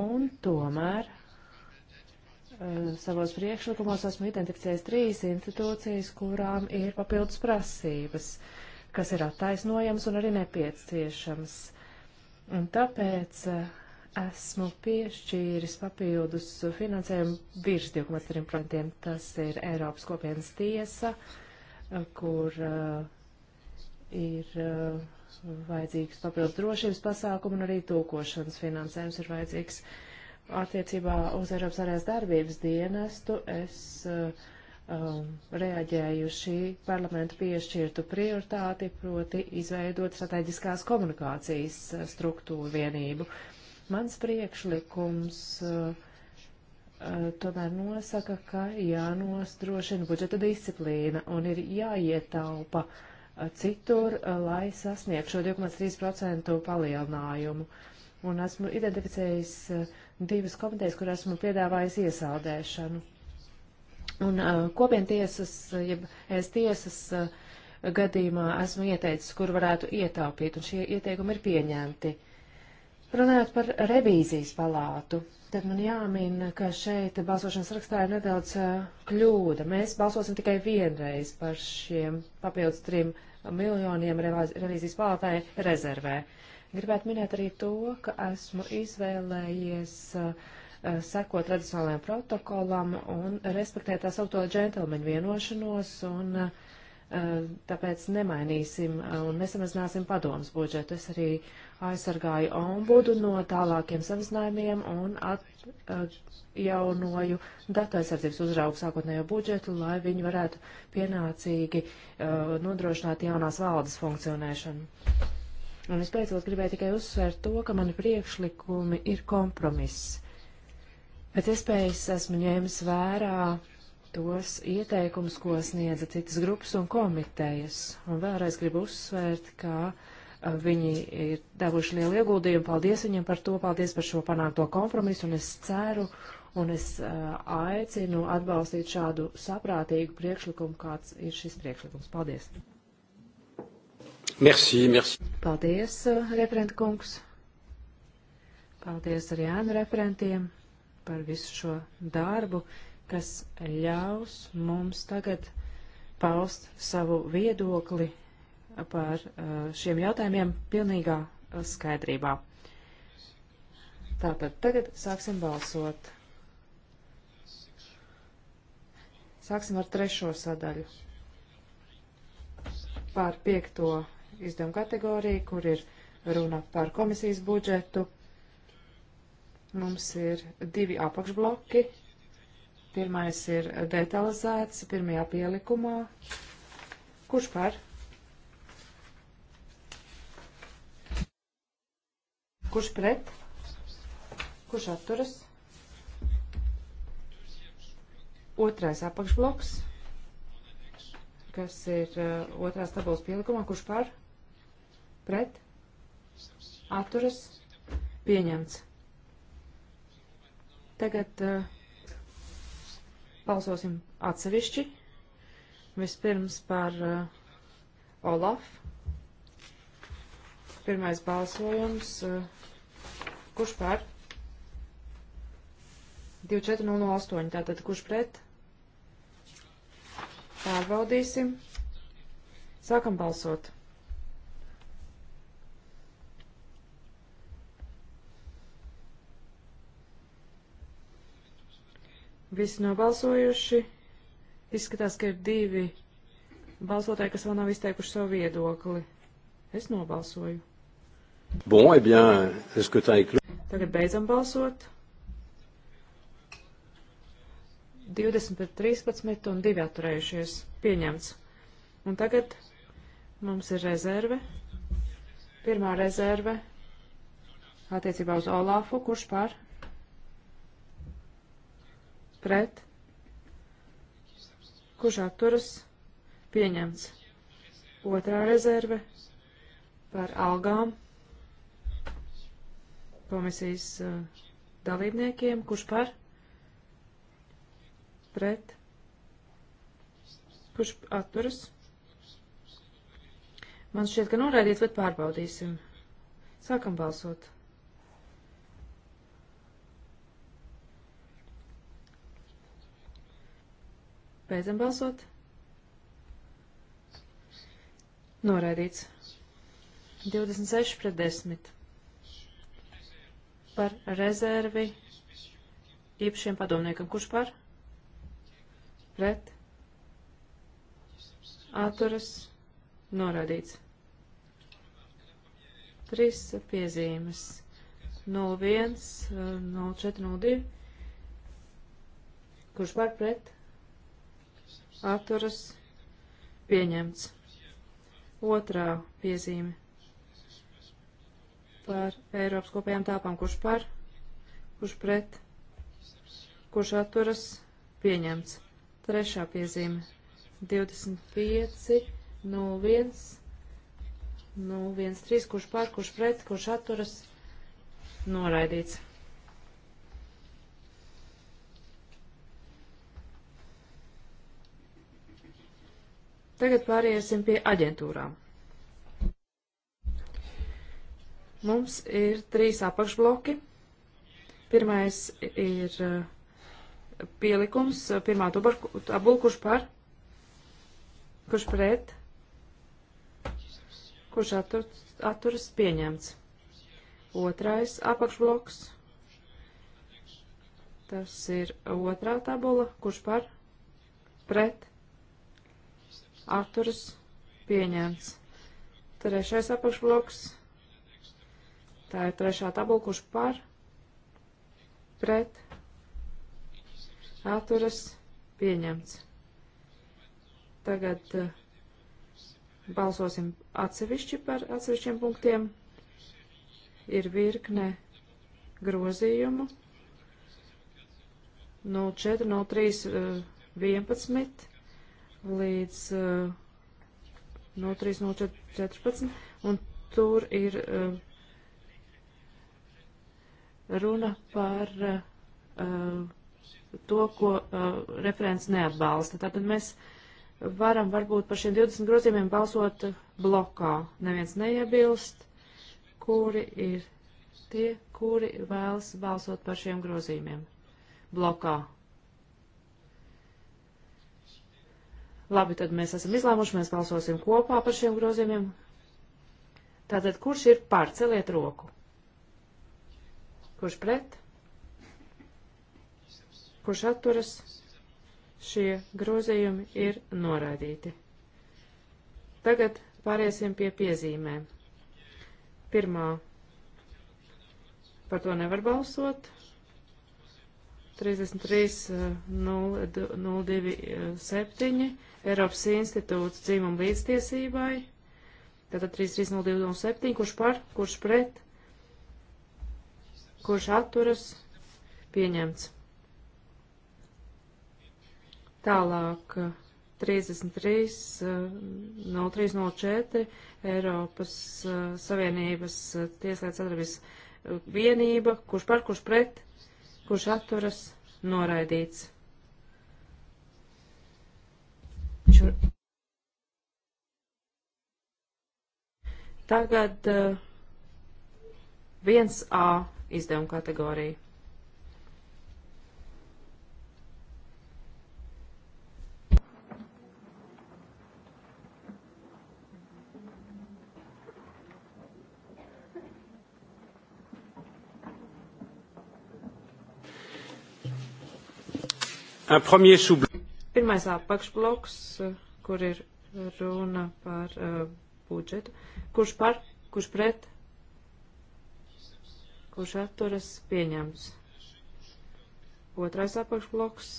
S4: Un tomēr eh, savos priekšlikumos esmu identificējis trīs institūcijas, kurām ir papildus prasības, kas ir attaisnojams un arī nepieciešams. Un tāpēc eh, esmu piešķīris papildus finansējumu virs 2,3%. Tas ir Eiropas kopienas tiesa, eh, kur uh, ir eh, vajadzīgs papildus drošības pasākumu un arī tūkošanas finansējums ir vajadzīgs. Attiecībā uz Eiropas arēs darbības dienestu es um, reaģēju šī parlamentu piešķirtu prioritāti, proti izveidot strateģiskās komunikācijas struktūru vienību. Mans priekšlikums uh, tomēr nosaka, ka jānosdrošina budžeta disciplīna un ir jāietaupa uh, citur, eh, lai sasniegtu šo 2,3% palielinājumu. Un esmu identificējis eh, divas komitejas, kur esmu piedāvājis iesaldēšanu. Un eh, kopientiesas, jeb es tiesas gadījumā esmu ieteicis, kur varētu ietaupīt, un šie ieteikumi ir pieņemti. Uh, Runājot par revīzijas palātu, tad man jāmin, ka šeit balsošanas rakstā ir nedaudz kļūda. Mēs balsosim tikai vienreiz par šiem papildus trim miljoniem revīzijas palātai rezervē. Gribētu minēt arī to, ka esmu izvēlējies uh, sekot tradicionālajiem protokolam un respektēt tā saucamo džentlmeņu vienošanos, un tāpēc nemainīsim un nesamazināsim padomus budžetu. Es arī aizsargāju ombudu no tālākiem samazinājumiem un atjaunoju eh, datu aizsardzības uzraugu sākotnējo budžetu, lai viņi varētu pienācīgi uh, nodrošināt jaunās valdes funkcionēšanu. Un vispēcot gribēju tikai uzsvērt to, ka mani priekšlikumi ir kompromiss. Pēc iespējas esmu ņēmis vērā tos ieteikumus, ko sniedza citas grupas un komitejas. Un vēlreiz gribu uzsvērt, ka uh, Viņi ir devuši lielu ieguldījumu. Paldies viņiem par to, paldies par šo panākto kompromisu, un es ceru un es aicinu atbalstīt šādu saprātīgu priekšlikumu, kāds ir šis priekšlikums. Paldies!
S1: Merci, merci.
S4: Paldies, referenta kungs! Paldies arī ēnu referentiem par visu šo darbu, kas ļaus mums tagad paust savu viedokli par uh, šiem jautājumiem pilnīgā uh, skaidrībā. Tātad tagad sāksim balsot. Sāksim ar trešo sadaļu. Pār piekto izdevumu kategoriju, kur ir runa par komisijas budžetu. Mums ir divi apakšbloki. Pirmais ir detalizēts pirmajā pielikumā. Kurš par? Kurš pret? Kurš atturas? Otrais apakšbloks, kas ir uh, otrās tabulas pielikumā, kurš par? Pret? Atturas? Pieņemts. Tagad uh, balsosim atsevišķi. Vispirms par uh, Olaf. Pirmais balsojums. Uh, Kurš par? 24008. Tātad kurš pret? Pārbaudīsim. Sākam balsot. Visi nobalsojuši. Izskatās, ka ir divi balsotāji, kas vēl nav izteikuši savu viedokli. Es nobalsoju.
S1: Bon, eh bien, skatāju.
S4: Tagad beidzam balsot. 20 pret 13 un 2 atturējušies. Pieņemts. Un tagad mums ir rezerve. Pirmā rezerve attiecībā uz Olāfu, kurš par? Pret. Kurš atturas? Pieņemts. Otrā rezerve par algām komisijas eh, dalībniekiem, kurš par, pret, kurš atturas. Man šķiet, ka noraidīts, bet pārbaudīsim. Sākam balsot. Beidzam balsot. Noraidīts. 26 pret 10 par rezervi īpašiem padomniekam. Kurš par? Pret? Atturas? Norādīts. Trīs piezīmes. 01, 04, 02. Kurš par pret? Atturas? Pieņemts. Otrā piezīme par Eiropas kopējām tāpām, kurš par, kurš pret, kurš atturas pieņemts. Trešā piezīme 25, 01, 01, 3, kurš par, kurš pret, kurš atturas noraidīts. Tagad pāriesim pie aģentūrām. Mums ir trīs apakšbloki. Pirmais ir eh, pielikums, eh, pirmā tabula, kurš par, kurš pret, kurš attur, atturas pieņemts. Otrais apakšbloks. Tas ir otrā tabula, kurš par, pret, atturas pieņemts. Trešais apakšbloks. Tā ir trešā tabula, kurš par, pret, atturas, pieņemts. Tagad eh, balsosim atsevišķi par atsevišķiem punktiem. Ir virkne grozījumu. 04, 03, 11 līdz 03, 04, 14. Un tur ir uh, Runa par uh, to, ko uh, referents neatbalsta. Tātad mēs varam varbūt par šiem 20 grozījumiem balsot blokā. Neviens neiebilst, kuri ir tie, kuri vēlas balsot par šiem grozījumiem blokā. Labi, tad mēs esam izlēmuši, mēs balsosim kopā par šiem grozījumiem. Tātad, kurš ir par? Celiet roku kurš pret, kurš atturas, šie grozījumi ir noraidīti. Tagad pāriesim pie piezīmēm. Pirmā. Par to nevar balsot. 33.027 uh, uh, Eiropas institūts dzīvuma līdztiesībai. Tātad 33.027, kurš par, kurš pret, kurš atturas pieņemts. Tālāk 33.03.04 Eiropas eh, Savienības eh, tieslietas sadarbības eh, vienība, kurš par, kurš pret, kurš atturas noraidīts. Šur. Tagad 1A izdevuma kategoriju. Pirmais apakšbloks, kur ir runa par uh, budžetu. Kurš par, kurš pret, kurš atturas pieņemts. Otrais apakšbloks,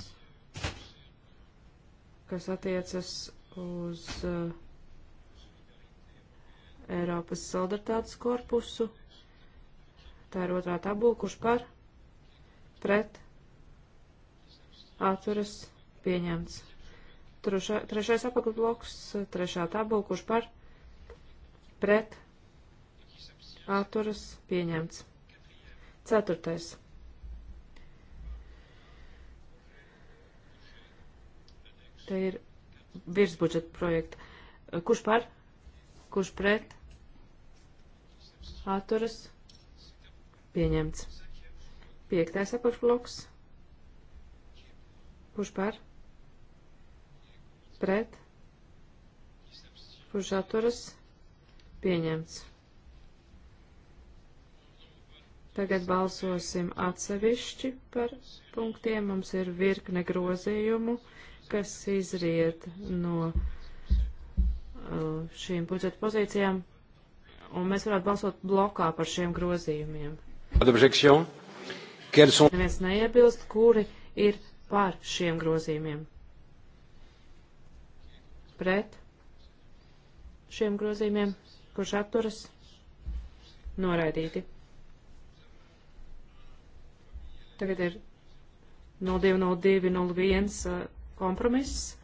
S4: kas attiecas uz uh, Eiropas solidaritātes korpusu. Tā ir otrā tabula, kurš par pret atturas pieņemts. Truša, trešais apakšbloks, trešā tabula, kurš par pret atturas pieņemts. Ceturtais. Te ir virsbudžeta projekta. Kurš par? Kurš pret? Atturas. Pieņemts. Piektais apakšbloks. Kurš par? Pret? Kurš atturas? Pieņemts. Tagad balsosim atsevišķi par punktiem. Mums ir virkne grozījumu, kas izriet no uh, šīm budžeta pozīcijām, un mēs varētu balsot blokā par šiem grozījumiem. Neviens neiebilst, kuri ir par šiem grozījumiem. Pret šiem grozījumiem, kurš atturas, noraidīti. Tagad ir 020201 uh, kompromiss.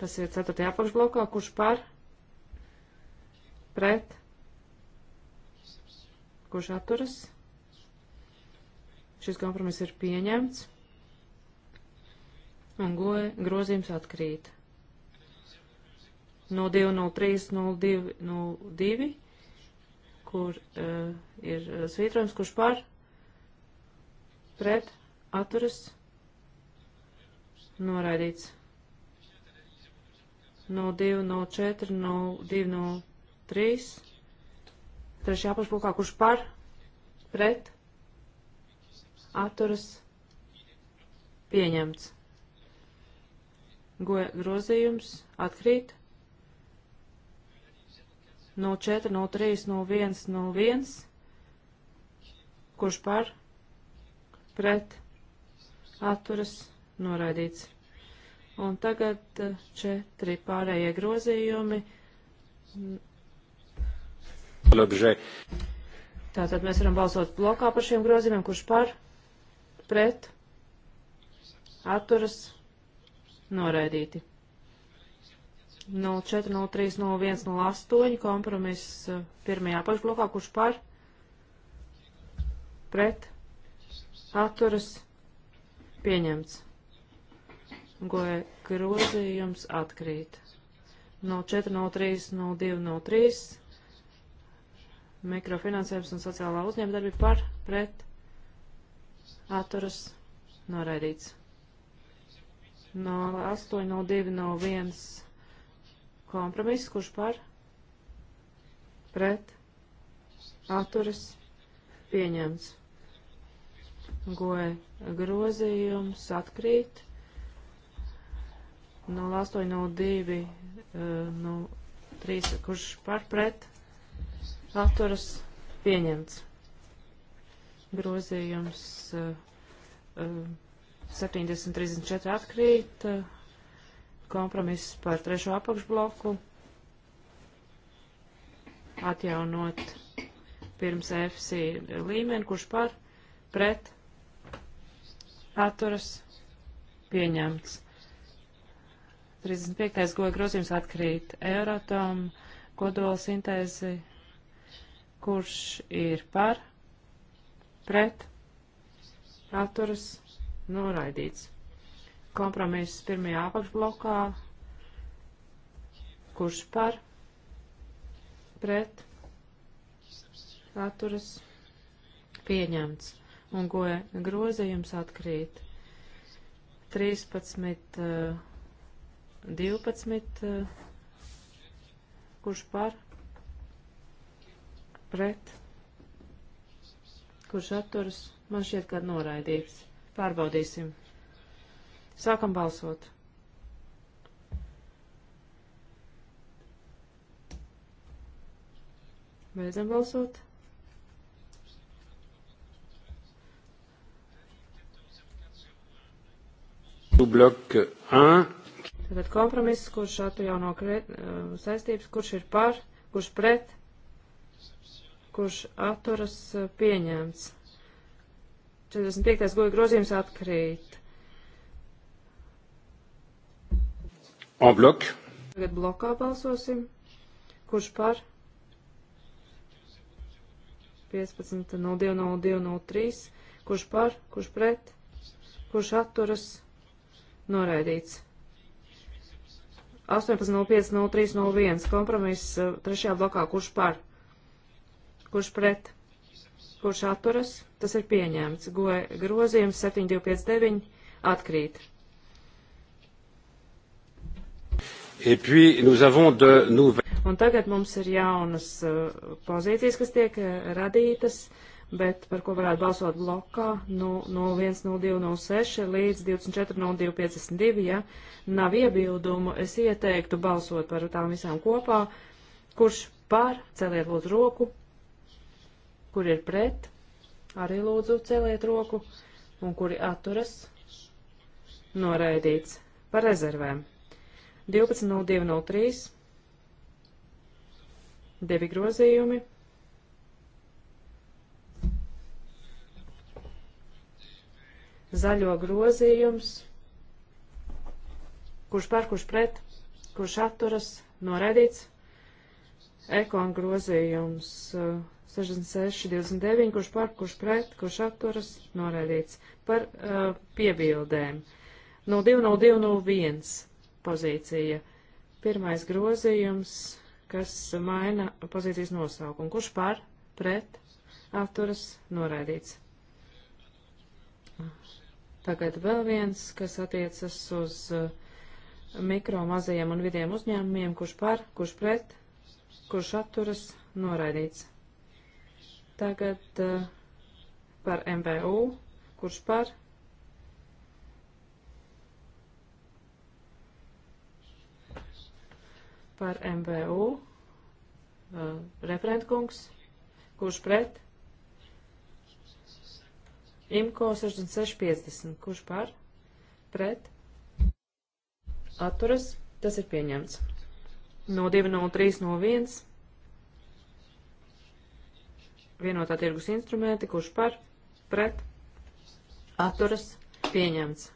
S4: Tas ir 4. apakšblokā, kurš par, pret, kurš atturas. Šis kompromiss ir pieņemts un goja grozījums atkrīt. No 203.02, kur uh, ir uh, svītrojums, kurš par, pret atturas noraidīts. 0204, 0203, trešajā apakšblokā, kurš par, pret, atturas, pieņemts. Go, grozījums atkrīt. 04, 03, 01, 01, kurš par, pret pret atturas noraidīts. Un tagad eh, četri pārējie grozījumi. L'objet. Tātad mēs varam balsot blokā par šiem grozījumiem, kurš par, pret, atturas, noraidīti. 04, 03, 01, 08 kompromiss eh, pirmajā pašblokā, kurš par, pret, atturas pieņemts. Goja grozījums atkrīt. 0403-0203 mikrofinansējums un sociālā uzņēmdarbība par pret atturas noraidīts. 0802-01 kompromiss, kurš par pret atturas pieņemts goja grozījums atkrīt 0802, nu, 3, kurš par pret atturas pieņemts. Grozījums 7034 eh, eh, atkrīt, kompromiss par trešo apakšbloku atjaunot pirms FC līmeni, kurš par pret atturas pieņemts. 35. goja grozījums atkrīt Euratom kodola sintēzi, kurš ir par, pret, atturas noraidīts. Kompromiss pirmajā apakšblokā, kurš par, pret, atturas pieņemts un goja grozījums atkrīt. 13, 12, eh, eh, kurš par, pret, kurš atturas, man šķiet, ka noraidīts. Pārbaudīsim. Sākam balsot. Beidzam balsot.
S1: Blok 1.
S4: Tagad kompromiss, kurš atjauno kret, eh, saistības, kurš ir par, kurš pret, kurš atturas eh, pieņemts. 45. goja grozījums atkrīt.
S1: En blok.
S4: Tagad blokā balsosim. Kurš par? 15.02.03. Kurš par? Kurš pret? Kurš atturas? Noraidīts. 18.05.03.01. Kompromiss eh, trešajā blokā. Kurš par? Kurš pret? Kurš atturas? Tas ir pieņemts. Goe grozījums 7259 atkrīt.
S1: Et puis, nous avons de nouvelles.
S4: Un tagad mums ir jaunas uh, pozīcijas, kas tiek uh, radītas. Uh, bet par ko varētu balsot blokā no nu, 010206 līdz 240252, ja nav iebildumu, es ieteiktu balsot par tām visām kopā, kurš par, celiet lūdzu roku, kur ir pret, arī lūdzu celiet roku, un kuri atturas, noraidīts par rezervēm. 12.02.03 divi grozījumi. 12.02.03 zaļo grozījums, kurš par, kurš pret, kurš atturas, noraidīts, ekon grozījums 66, eh, 29, kurš par, kurš pret, kurš atturas, noraidīts, par uh, piebildēm. 0201 pozīcija. Pirmais grozījums, kas maina pozīcijas nosaukumu. Kurš par, pret, atturas, noraidīts. Tagad vēl viens, kas attiecas uz uh, mikro, mazajiem un vidiem uzņēmumiem, kurš par, kurš pret, kurš atturas, noraidīts. Tagad uh, par MVU, kurš par, par MVU, uh, referentkungs, kurš pret, Imko 6650. Kurš par? Pret? Atturas. Tas ir pieņemts. No 203 no 1. Vienotā tirgus instrumenti. Kurš par? Pret? Atturas. Pieņemts.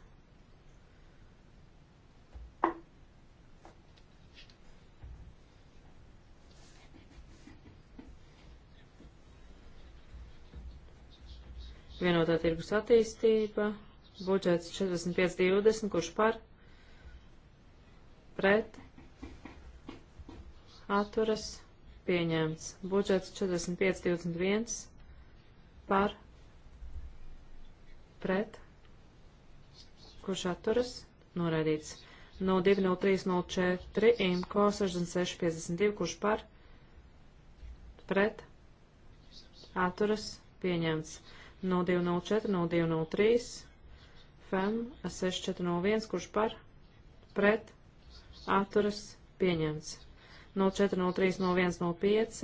S4: vienotā tirgus attīstība, budžets 45.20, kurš par, pret, atturas, pieņemts. Budžets 45.21, par, pret, kurš atturas, noraidīts. 020304, IMCO 6652, kurš par, pret, atturas, pieņemts. 0204, 0203, FEM 6401, kurš par pret atturas pieņemts. 0403, 0105,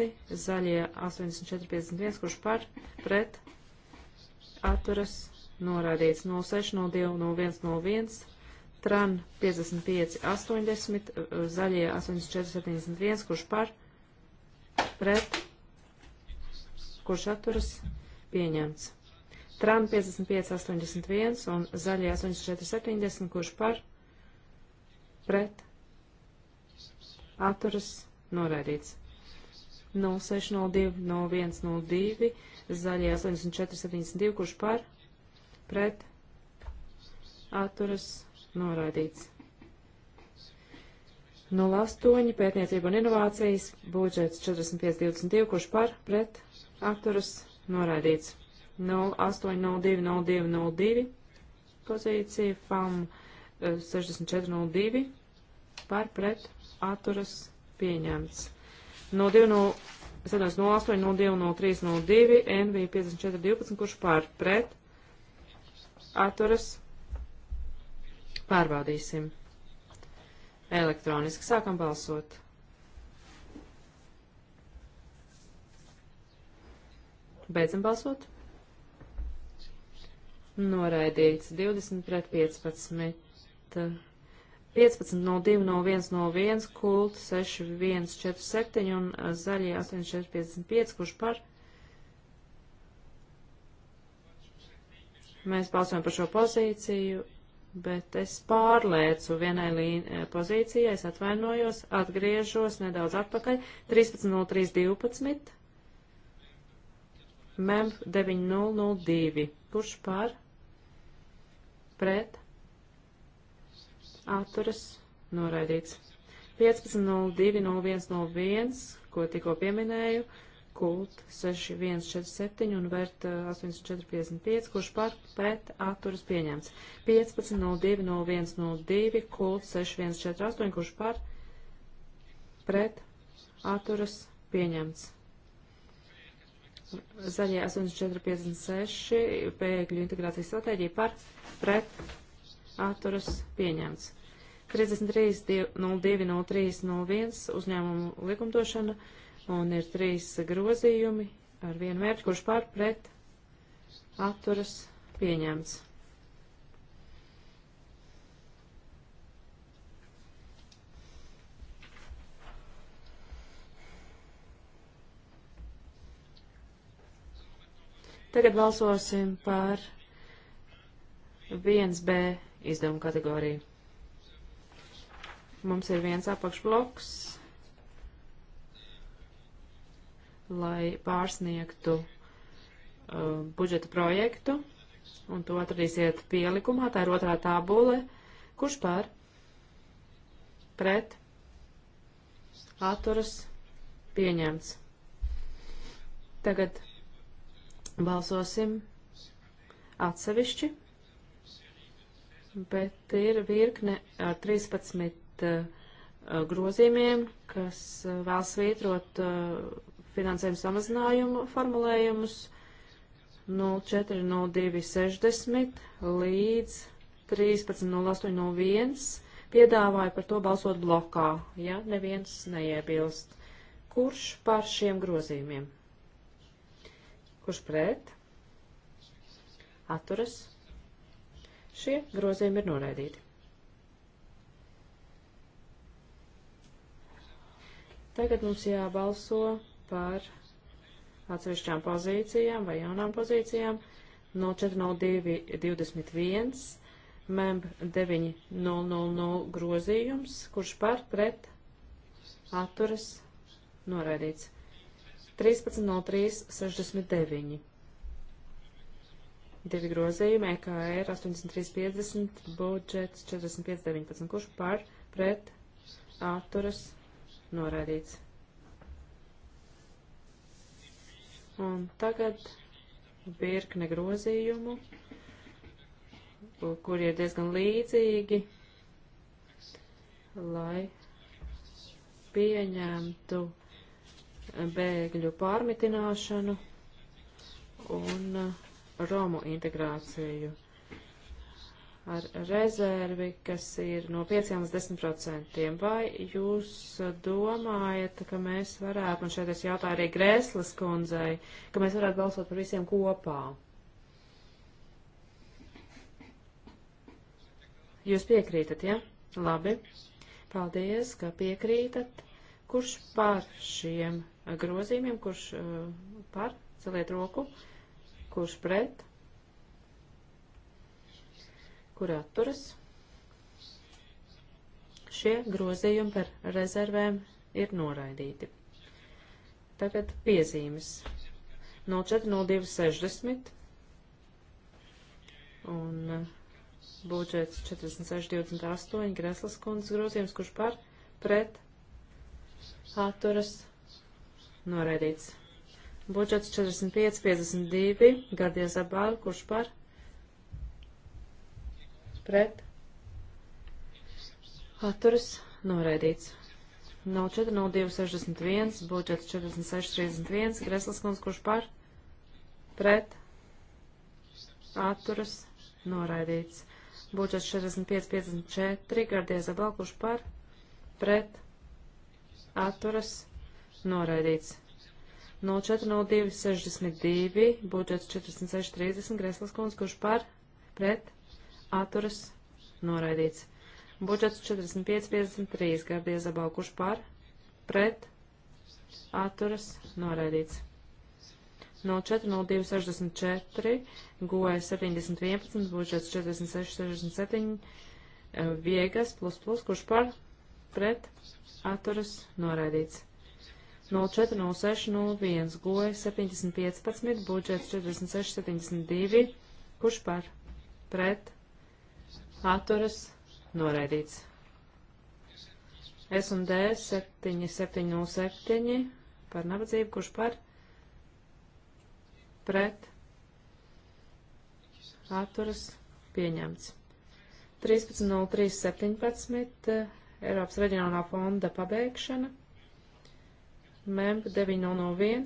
S4: zaļie 8451, kurš par pret atturas noraidīts. 0602, 0101, TRAN 55, 80, zaļie 8471, kurš par pret kurš atturas pieņemts. Tran 5581 un zaļie 8470, kurš par pret atturas noraidīts. 0602-0102, zaļie 8472, kurš par pret atturas noraidīts. 08 pētniecība un inovācijas budžets 4522, kurš par pret atturas noraidīts. 08020202 pozīcija, FAM 6402 eh, par pret atturas pieņemts. No 208020302 NV 5412, kurš par pret atturas pārbaudīsim. Elektroniski sākam balsot. Beidzam balsot noraidīts 20 pret 15. 15.02.01.01, kult 6147 un uh, zaļie 8455, kurš par. Mēs balsojam par šo pozīciju, bet es pārlēcu vienai līn... Uh, pozīcijai, es atvainojos, atgriežos nedaudz atpakaļ, 13.03.12, MEMP 9002, kurš par pret, atturas, noraidīts. 15.02.01.01, ko tikko pieminēju, kult 6147 un vērt 8455, eh, kurš par pret atturas pieņemts. 15.02.01.02, kult 6148, kurš par pret atturas pieņemts zaļie 8456 bēgļu integrācijas stratēģija par pret atturas pieņemts. 33.02.03.01 uzņēmumu likumdošana un ir trīs grozījumi ar vienu mērķi, kurš par pret atturas pieņemts. Tagad balsosim par 1B izdevumu kategoriju. Mums ir viens apakšbloks, lai pārsniegtu uh, budžeta projektu, un to atradīsiet pielikumā, tā ir otrā tabule, kurš pār pret atturas pieņemts. Tagad Balsosim atsevišķi, bet ir virkne ar 13 eh, grozījumiem, kas eh, vēl svītrot eh, finansējumu samazinājumu formulējumus 040260 līdz 13.08.01 piedāvāja par to balsot blokā, ja neviens neiebilst. Kurš par šiem grozījumiem? Kurš pret? Atturas. Šie grozījumi ir noraidīti. Tagad mums jābalso par atsevišķām pozīcijām vai jaunām pozīcijām no 402.21 MEMB 9.000 grozījums, kurš par pret atturas noraidīts. 13.03.69. Divi grozījumi, EKR 83.50, budžets 45.19. Kurš par, pret, atturas, norādīts. Un tagad virkne grozījumu, kur ir diezgan līdzīgi, lai pieņemtu bēgļu pārmitināšanu un Romu integrāciju ar rezervi, kas ir no 5 līdz 10 procentiem. Vai jūs domājat, ka mēs varētu, un šeit es jautāju arī Grēslas kundzei, ka mēs varētu balsot par visiem kopā? Jūs piekrītat, ja? Labi. Paldies, ka piekrītat. Kurš par šiem grozījumiem, kurš eh, par, celiet roku, kurš pret, kur atturas. Šie grozījumi par rezervēm ir noraidīti. Tagad piezīmes. 040260 un eh, budžets 4628 Greslas kundzes grozījums, kurš par pret atturas noraidīts. Budžets 45, 52, gardie zabāli, kurš par? Pret. Atturas noraidīts. 04, 02, 61, budžets 46, 31, Greslas kundz, kurš par? Pret. Atturas noraidīts. Budžets 45, 54, gardie zabāli, kurš par? Pret. Atturas noraidīts noraidīts. 040262, budžets 4630, Greslas kundze, kurš par, pret, atturas, noraidīts. Budžets 4553, Gardie Zabau, kurš par, pret, atturas, noraidīts. 040264, GOE 7011, budžets 4667, eh, Viegas, plus, plus, kurš par, pret, atturas, noraidīts. 040601, goja 715, budžets 4672, kurš par pret atturas noraidīts. S un D 7707 par nabadzību, kurš par pret atturas pieņemts. 13.03.17 eh, Eiropas reģionālā fonda pabeigšana. MEMP 901,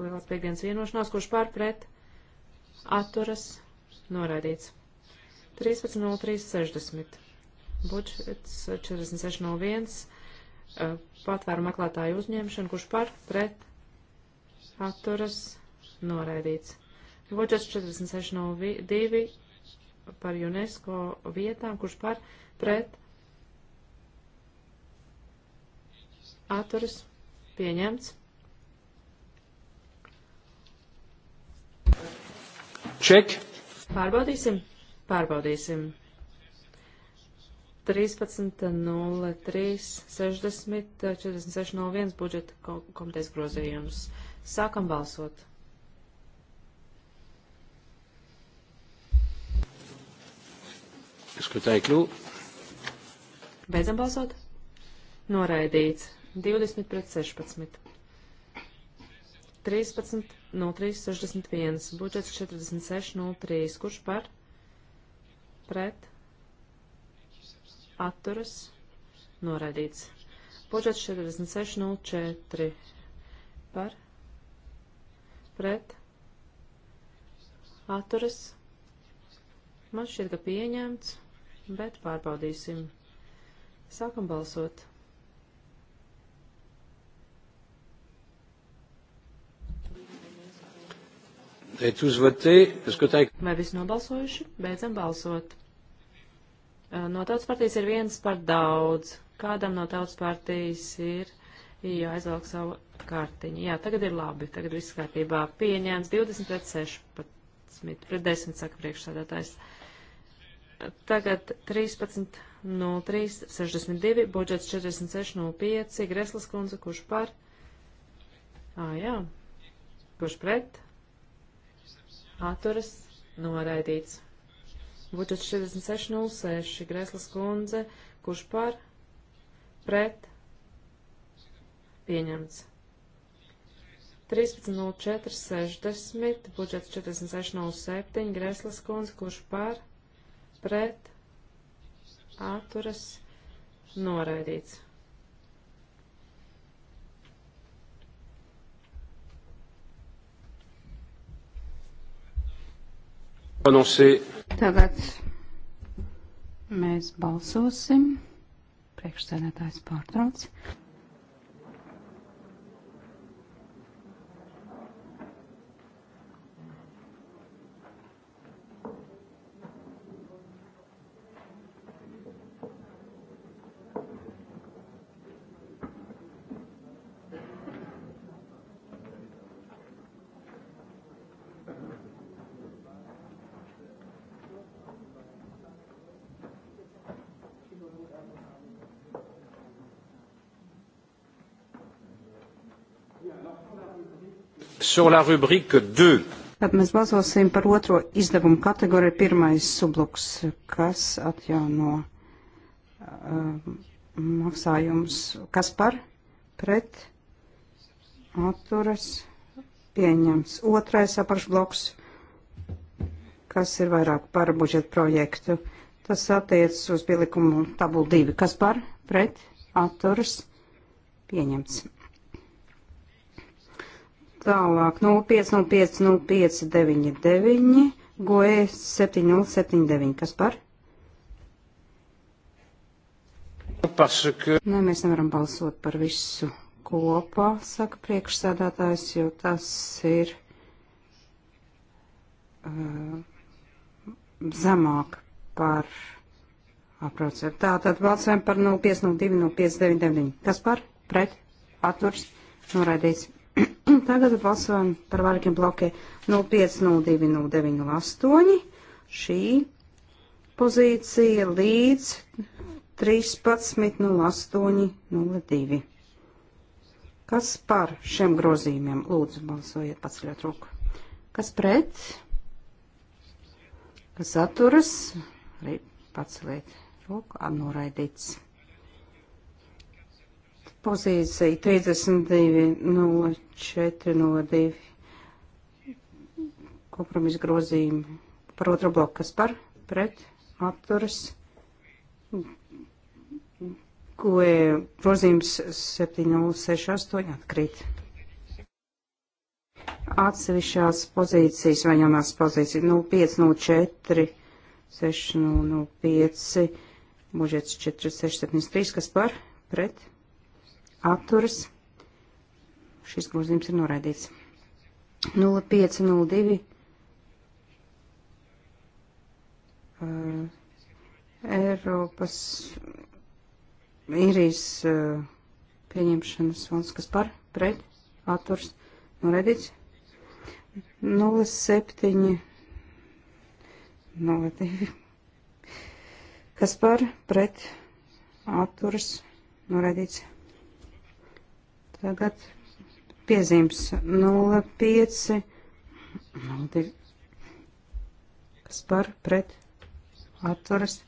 S4: lielās piekdienas vienošanās, kurš pār pret atturas noraidīts. 13.03.60. Budžets 46.01. Patvēru meklētāju uzņemšanu, kurš par pret atturas noraidīts. Budžets 46.02 par UNESCO vietām, kurš par pret atturas pieņemts. Ček. Pārbaudīsim. Pārbaudīsim. 13.03.60.46.01 budžeta komitejas grozījums. Sākam balsot.
S1: Skatāju kļūt.
S4: Beidzam balsot. Noraidīts. 20 pret 16. 13, 03, 61. Budžets 46, 03. Kurš par? Pret. Atturas. Noraidīts. Budžets 46, 04. Par. Pret. Atturas. Man šķiet, ka pieņemts, bet pārbaudīsim. Sākam balsot.
S1: Vai visi nobalsojuši?
S4: Beidzam balsot. No tautas partijas ir viens par daudz. Kādam no tautas partijas ir jāizvelk savu kartiņu. Jā, tagad ir labi, tagad viss kārtībā. Pieņēmts 20 pret 16, pret 10 saka priekšsādātājs. Tagad 13.03.62, budžets 46.05, Greslas kundze, kurš par? Ā, jā. Kurš pret? atturas noraidīts. Budžets 4606, Greslas kundze, kurš par, pret, pieņemts. 13.04.60, budžets 46.07, Greslas kundze, kurš par, pret, atturas, noraidīts.
S1: Anonsē.
S2: Tagad mēs balsosim. Priekšsēdētājs pārtrauc.
S1: sur la rubrique 2.
S2: Tad mēs balsosim par otro izdevumu kategoriju, pirmais subluks, kas atjauno um, maksājums, kas par, pret, atturas, pieņems. Otrais apakšbloks, kas ir vairāk par budžetu projektu, tas attiec uz pielikumu tabulu 2, kas par, pret, atturas, pieņems. Tālāk 05050599, GOE 7079, kas par? Pasaka. Nē, mēs nevaram balsot par visu kopā, saka priekšsēdētājs, jo tas ir uh, zemāk par aprocēm. Tā tad balsojam par 0502, 0599. Kas par? Pret? Atturs? Noraidīts. (clears throat) Tagad balsojam par vairākiem blokiem 05, 02, 09, 08. Šī pozīcija līdz 13, 08, 02. Kas par šiem grozījumiem? Lūdzu, balsojiet, paceļot roku. Kas pret? Kas atturas? Arī paceliet roku, noraidīts pozīcija 32.04 no 2 kompromisa grozījumi par otro bloku, kas par pret atturas ko grozījums 7.06.8 atkrīt. Atsevišķās pozīcijas vai jaunās pozīcijas 05.04, nu, 6.05, budžets 4673, kas par pret atturas. Šis grozījums ir noraidīts. 0502. Uh, Eiropas īrijas uh, pieņemšanas fonds, kas par pret atturs noraidīts. 07. 02. Kas par pret atturs noraidīts. Tagad piezīmes 05, 02, kas par pret atturas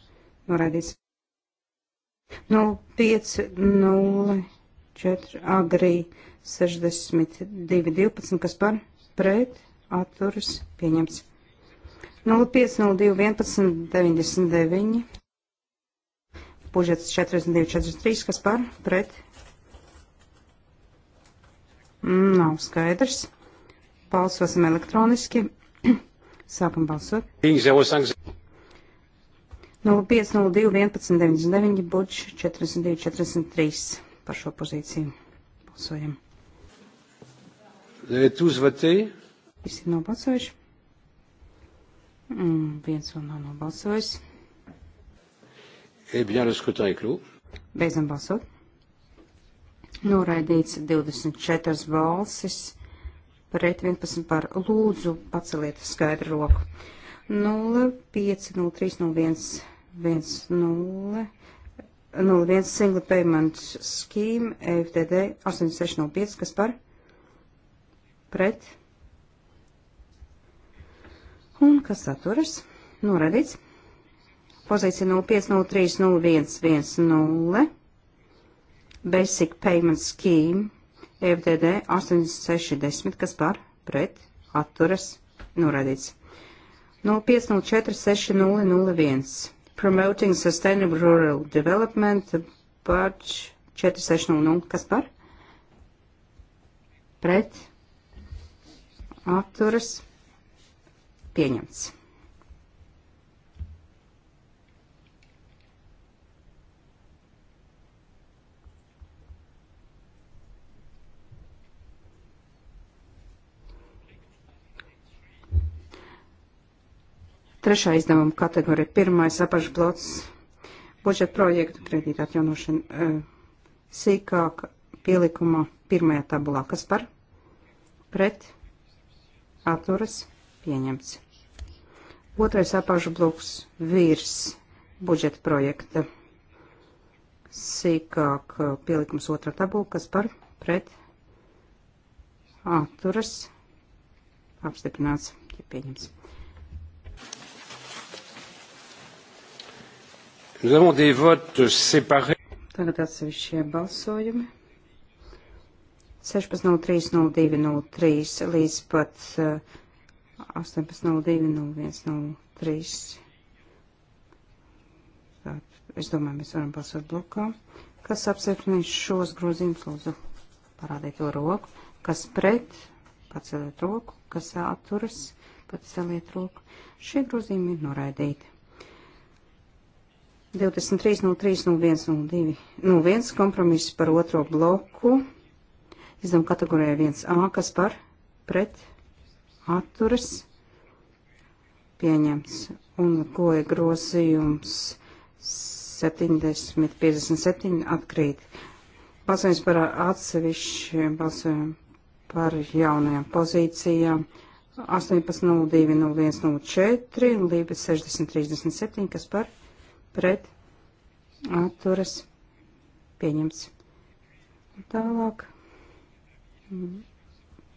S2: norādīts. 05, 04, agrī 62, 12, kas par pret atturas pieņemts. 05, 02, 11, 99, pužets 42, 43, kas par pret Mm, nav skaidrs. Balsosim elektroniski. (clears throat) Sākam balsot.
S1: 0502
S2: 1199 buč 42 43 par šo pozīciju. Balsojam.
S1: Visi
S2: ir nobalsojuši. Mm, viens vēl nav nobalsojis.
S1: Eh bien, le scrutin est clos.
S2: Beidzam balsot noraidīts 24 balsis pret 11 par lūdzu paceliet skaidru roku. 0, 5, 0, 3, 0, 1, 1, 0, 0, 1 single payment scheme e FDD 8605, kas par pret un kas saturas noraidīts. Pozīcija 05, 03, 01, 1, 0. Basic Payment Scheme FDD 8610, kas par pret atturas norādīts. 05046001 nu, Promoting Sustainable Rural Development Budge 4600, kas par pret atturas pieņemts. Trešā izdevuma kategorija, pirmais apakšbloks, budžeta projektu kredīta atjaunošana eh, sīkāk pielikumā pirmajā tabulā, kas par pret atturas pieņemts. Otrais apakšbloks virs budžeta projekta sīkāk pielikums otrā tabula, kas par pret atturas apstiprināts, ja pieņems.
S1: Tagad
S2: atsevišķie balsojumi. 16.03.03 līdz pat 18.02.01.03. Eh, es domāju, mēs varam balsot blokā. Kas apsveicinīs šos grozījumus, lūdzu, parādiet to roku. Kas pret, paceliet roku. Kas atturas, paceliet roku. Šie grozījumi ir noraidīti. 23.03.01.02.01 nu, kompromiss par otro bloku. Izdevuma kategorijā 1A, kas par pret atturas pieņemts. Un ko ir grozījums 70.57 atkrīt. Balsojums par atsevišķiem balsojumiem par jaunajām pozīcijām 18.02.01.04 un Lībes 60.37, kas par pret pret atturas pieņemts. Tālāk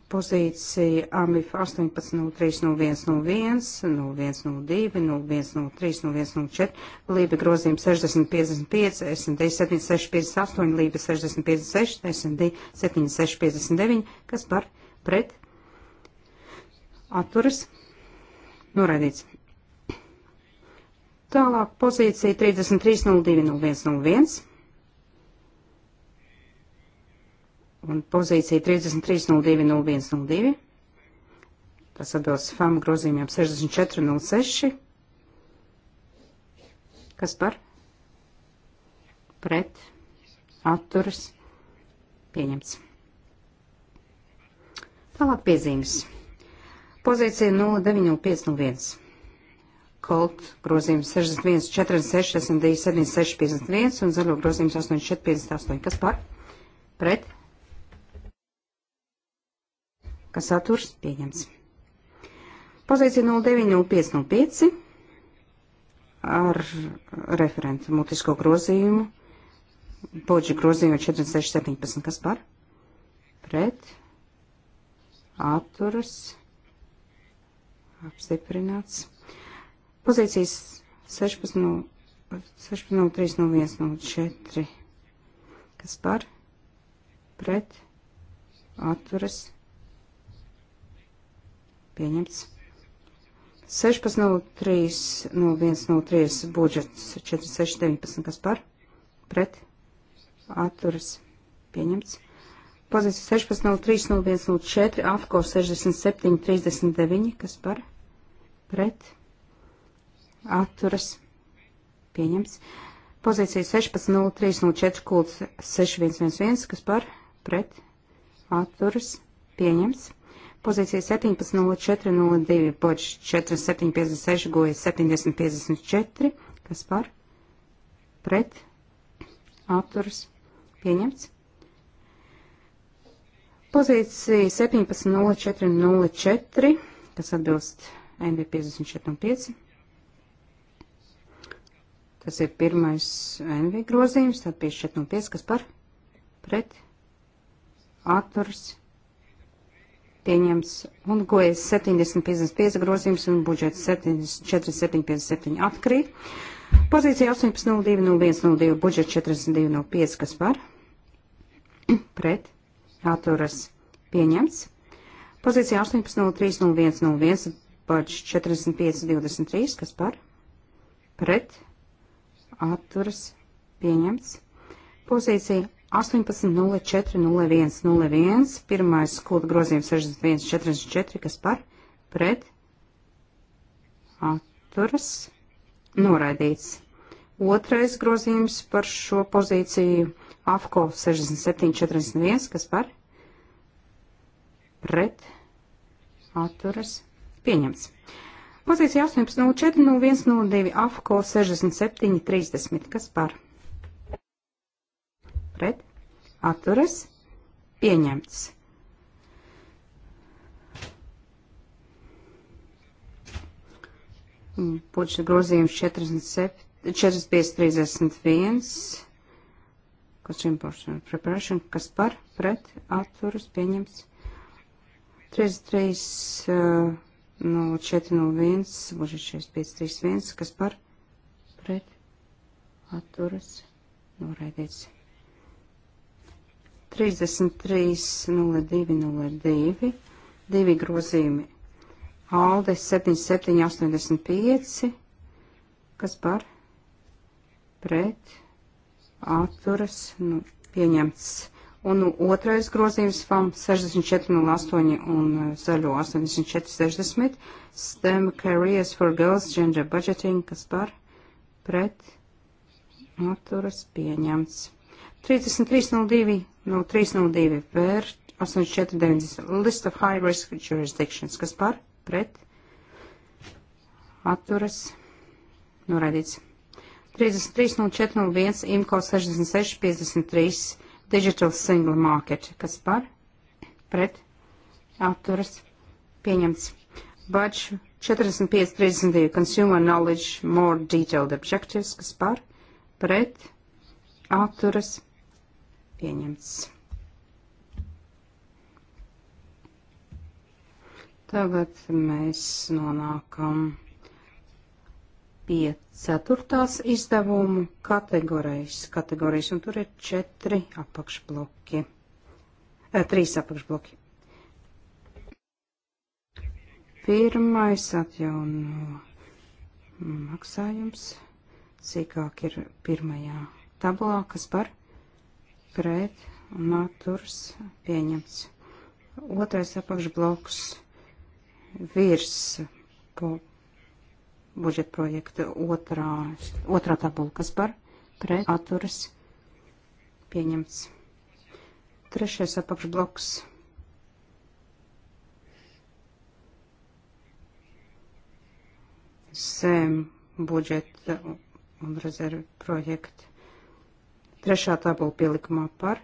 S2: pozīcija AMIF 18.03.01.01, 01.02.01.03.01.04, Lība grozījums 60.55, SND 76.58, Lība 60.56, SND 76.59, kas par pret atturas noraidīts. Tālāk pozīcija 33.02.01. Un pozīcija 33.02.01.02. Tas atbilst FAM grozījumiem 64.06. Kas par? Pret. Atturas. Pieņemts. Tālāk piezīmes. Pozīcija 09.05.01. Kolt grozījums 61, 46, 62, 76, 51 un zaļo grozījums 84, 58. Kas par? Pret? Kas atturs? Pieņems. Pozīcija 090505 ar referentu mutisko grozījumu. Poģi grozījumu 46, 17. Kas par? Pret? Atturas? Apstiprināts. Pozīcijas 16 no 16 no 3 no 1 no 4, kas par, pret, atturas, pieņemts. 16 no 3 no 1 no 3 budžets 4, 6, 19, kas par, pret, atturas, pieņemts. Pozīcija 16.03.01.04, AFCO 67.39, kas par pret atturas pieņemts. Pozīcija 16.03.04 kults 6111, kas par pret atturas pieņemts. Pozīcija 17.04.02 boč 4756 goja 7054, kas par pret atturas pieņemts. Pozīcija 17.04.04, kas atbilst NB54.5 Tas ir pirmais NV grozījums, tad pie 405, kas par pret atturs pieņems un gojas 7055 grozījums un budžets 4757 atkrīt. Pozīcija 18.02.01.02, budžets 42.05, (clears throat) kas par pret atturas pieņemts. Pozīcija 18.03.01.01, budžets 45.23, kas par pret atturas pieņemts. Pozīcija 18.04.01.01. Pirmais skulda grozījums 61.44, kas par pret atturas noraidīts. Otrais grozījums par šo pozīciju AFCO 67.41, kas par pret atturas pieņemts. Pozīcija 18.04, 01.02, AFCO 67.30. Kas par? Pret. Atturas. Pieņemts. Budžeta grozījums 47, 45.31, Consumption Preparation, kas par, pret, atturas, pieņems. 33, uh, 0401, bužišies 531, kas par pret atturas noraidīts. 33.02.02, divi grozījumi. Alde 7785, kas par pret atturas nu, pieņemts. Un otrais grozījums FAM 6408 un e, zaļo 8460 STEM Careers for Girls Gender Budgeting, kas par pret atturas pieņemts. 3302 no 302 vēr 8490 List of High Risk Jurisdictions, kas par pret atturas noraidīts. 330401 IMCO 6653 Digital Single Market, kas par pret atturas pieņemts. Bač 45.32 Consumer Knowledge More Detailed Objectives, kas par pret atturas pieņemts. Tagad mēs nonākam pie ceturtās izdevumu kategorijas, kategorijas, un tur ir četri apakšbloki, e, trīs apakšbloki. Pirmais atjauno maksājums, sīkāk ir pirmajā tabulā, kas par pret un atturs pieņemts. Otrais apakšbloks virs po budžeta projekta otrā, otrā tabula, kas par pret atturas pieņemts. Trešais apakšbloks. Zem budžeta un rezervu projekta. Trešā tabula pielikumā par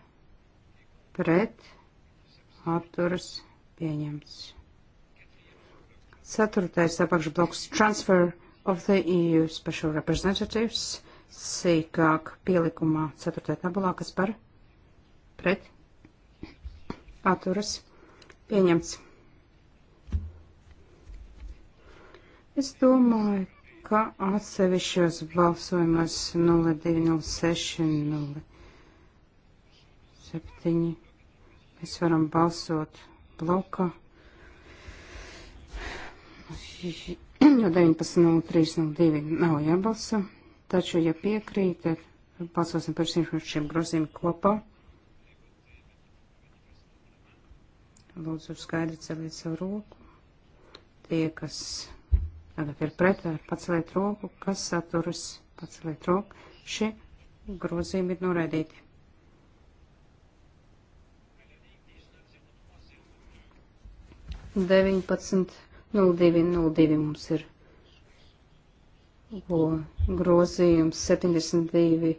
S2: pret atturas pieņemts. Ceturtais apakšbloks transfer of the EU Special Representatives sīkāk pielikumā 4. tabulā, kas par pret atturas pieņemts. Es domāju, ka atsevišķos balsojumos 0206, 07 mēs varam balsot bloka jo 19.03.02 nav jābalso, taču, ja piekrīt, tad balsosim par šiem grozījumiem kopā. Lūdzu, skaidri celiet savu roku. Tie, kas tagad ir pret, var paceliet roku, kas saturas, paceliet roku. Šie grozījumi ir noraidīti. 19. 0202 mums ir grozījums 72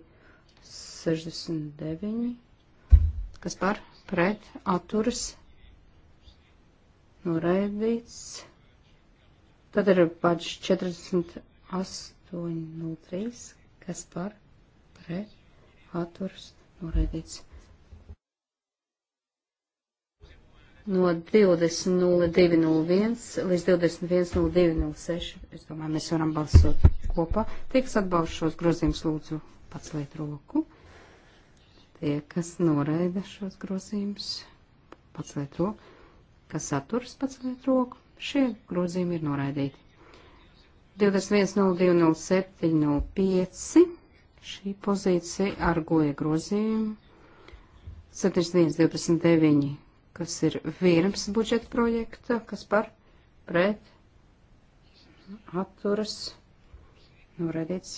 S2: 69, kas par pret atturas noraidīts. Tad ir pač 4803, kas par pret atturas noraidīts. no 20.02.01 līdz 21.02.06. Es domāju, mēs varam balsot kopā. Tie, kas atbalsta šos grozījumus, lūdzu paceliet roku. Tie, kas noraida šos grozījumus, paceliet roku. Kas atturas, paceliet roku. Šie grozījumi ir noraidīti. 21.02.07.05. Šī pozīcija ar goja grozījumu 71.29 kas ir viens budžeta projekta, kas par pret atturas norēdīts.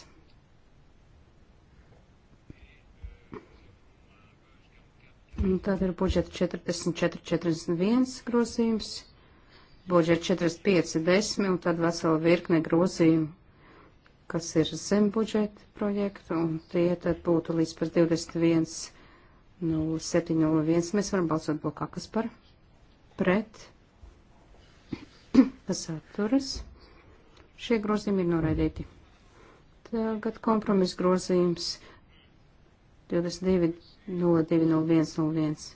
S2: Un tad ir budžeta 44, 41 grozījums, budžeta 45, 10 un tad vesela virkne grozījumu, kas ir zem budžeta projekta, un tie tad būtu līdz pat 21. 0701. Mēs varam balsot blokā, kas par pret, (clears throat) kas atturas. Šie grozījumi ir noraidīti. Tagad kompromis grozījums 22.02.01.01,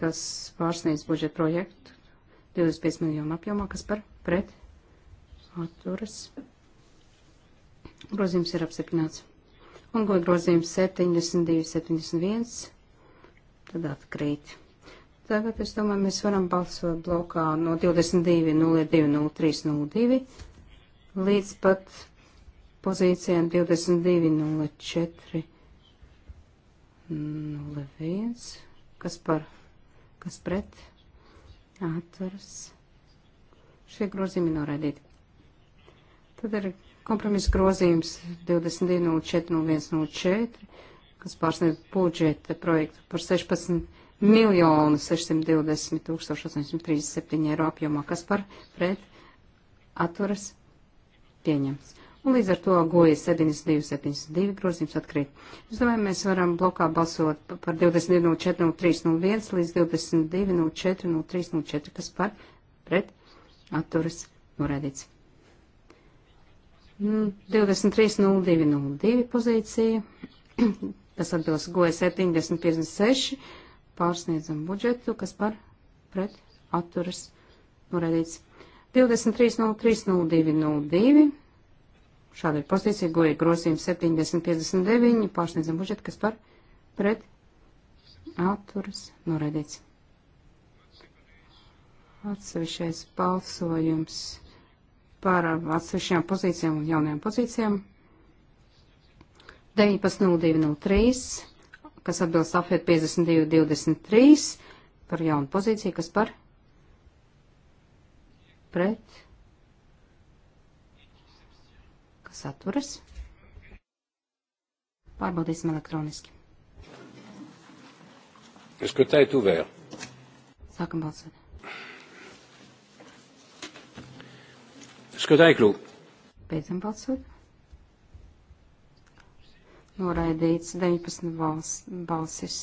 S2: kas pārsniedz budžeta projektu 25 miljonu apjomā, kas par pret atturas. Grozījums ir apstiprināts. Un goja grozījums 72.71 tad atkrīt. Tagad, es domāju, mēs varam balsot blokā no 22, 02, 03, 02 līdz pat pozīcijām 22, 04, 01, kas par, kas pret, atveras. Šie grozījumi noraidīti. Tad ir kompromiss grozījums 22, 04, 01, 04 kas pārsniedz budžeta projektu par 16 miljonu 620 tūkstoši 837 eiro apjomā, kas par pret atturas pieņems. Un līdz ar to goja 72, 72 grozījums atkrīt. Es domāju, mēs varam blokā balsot par 22, 04, 03, 01 līdz 22, 04, 03, 04, kas par pret atturas norēdīts. 23, 02, 02 pozīcija. (clears throat) Tas atbilst goja 7056. Pārsniedzam budžetu, kas par pret atturas norēdīts. 23.03.02.02. Šāda ir pozīcija, goja grozījums 7059. Pārsniedzam budžetu, kas par pret atturas norēdīts. Atsevišķais balsojums par atsevišķām pozīcijām un jaunajām pozīcijām. 19.02.03, kas atbilst afiet 52.23 par jaunu pozīciju, kas par pret, kas atturas. Pārbaudīsim elektroniski.
S1: Es skatāju, tu vēl. Sākam balsot. Es skatāju, klūp.
S2: Beidzam balsot noraidīts 19 vals, balsis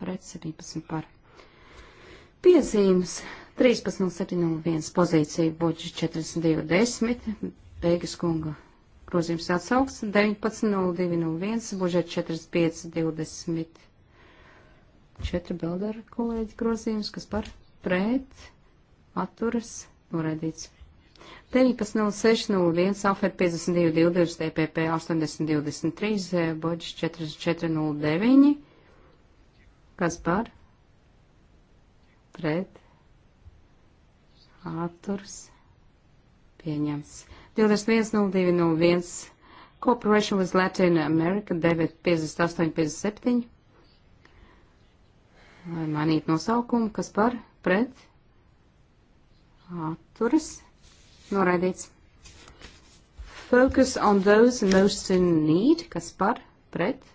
S2: pret 17 par. Piezīmes 13.701 pozīcija budžets 42.10, beigas kunga grozījums atsaugs 19.02.01, budžets 45.24 Beldera kolēģi grozījums, kas par pret atturas noraidīts. 19.06.01, Alfred 52.20, TPP 80.23, Boģis 44.09. Kas par? Pret. Atturs. Pieņems. 21.02.01, Corporation with Latin America 9.58.57. Lai mainītu nosaukumu, kas par? Pret. Atturs. Pieņems Noraidīts. Focus on those most in need, kas par, pret,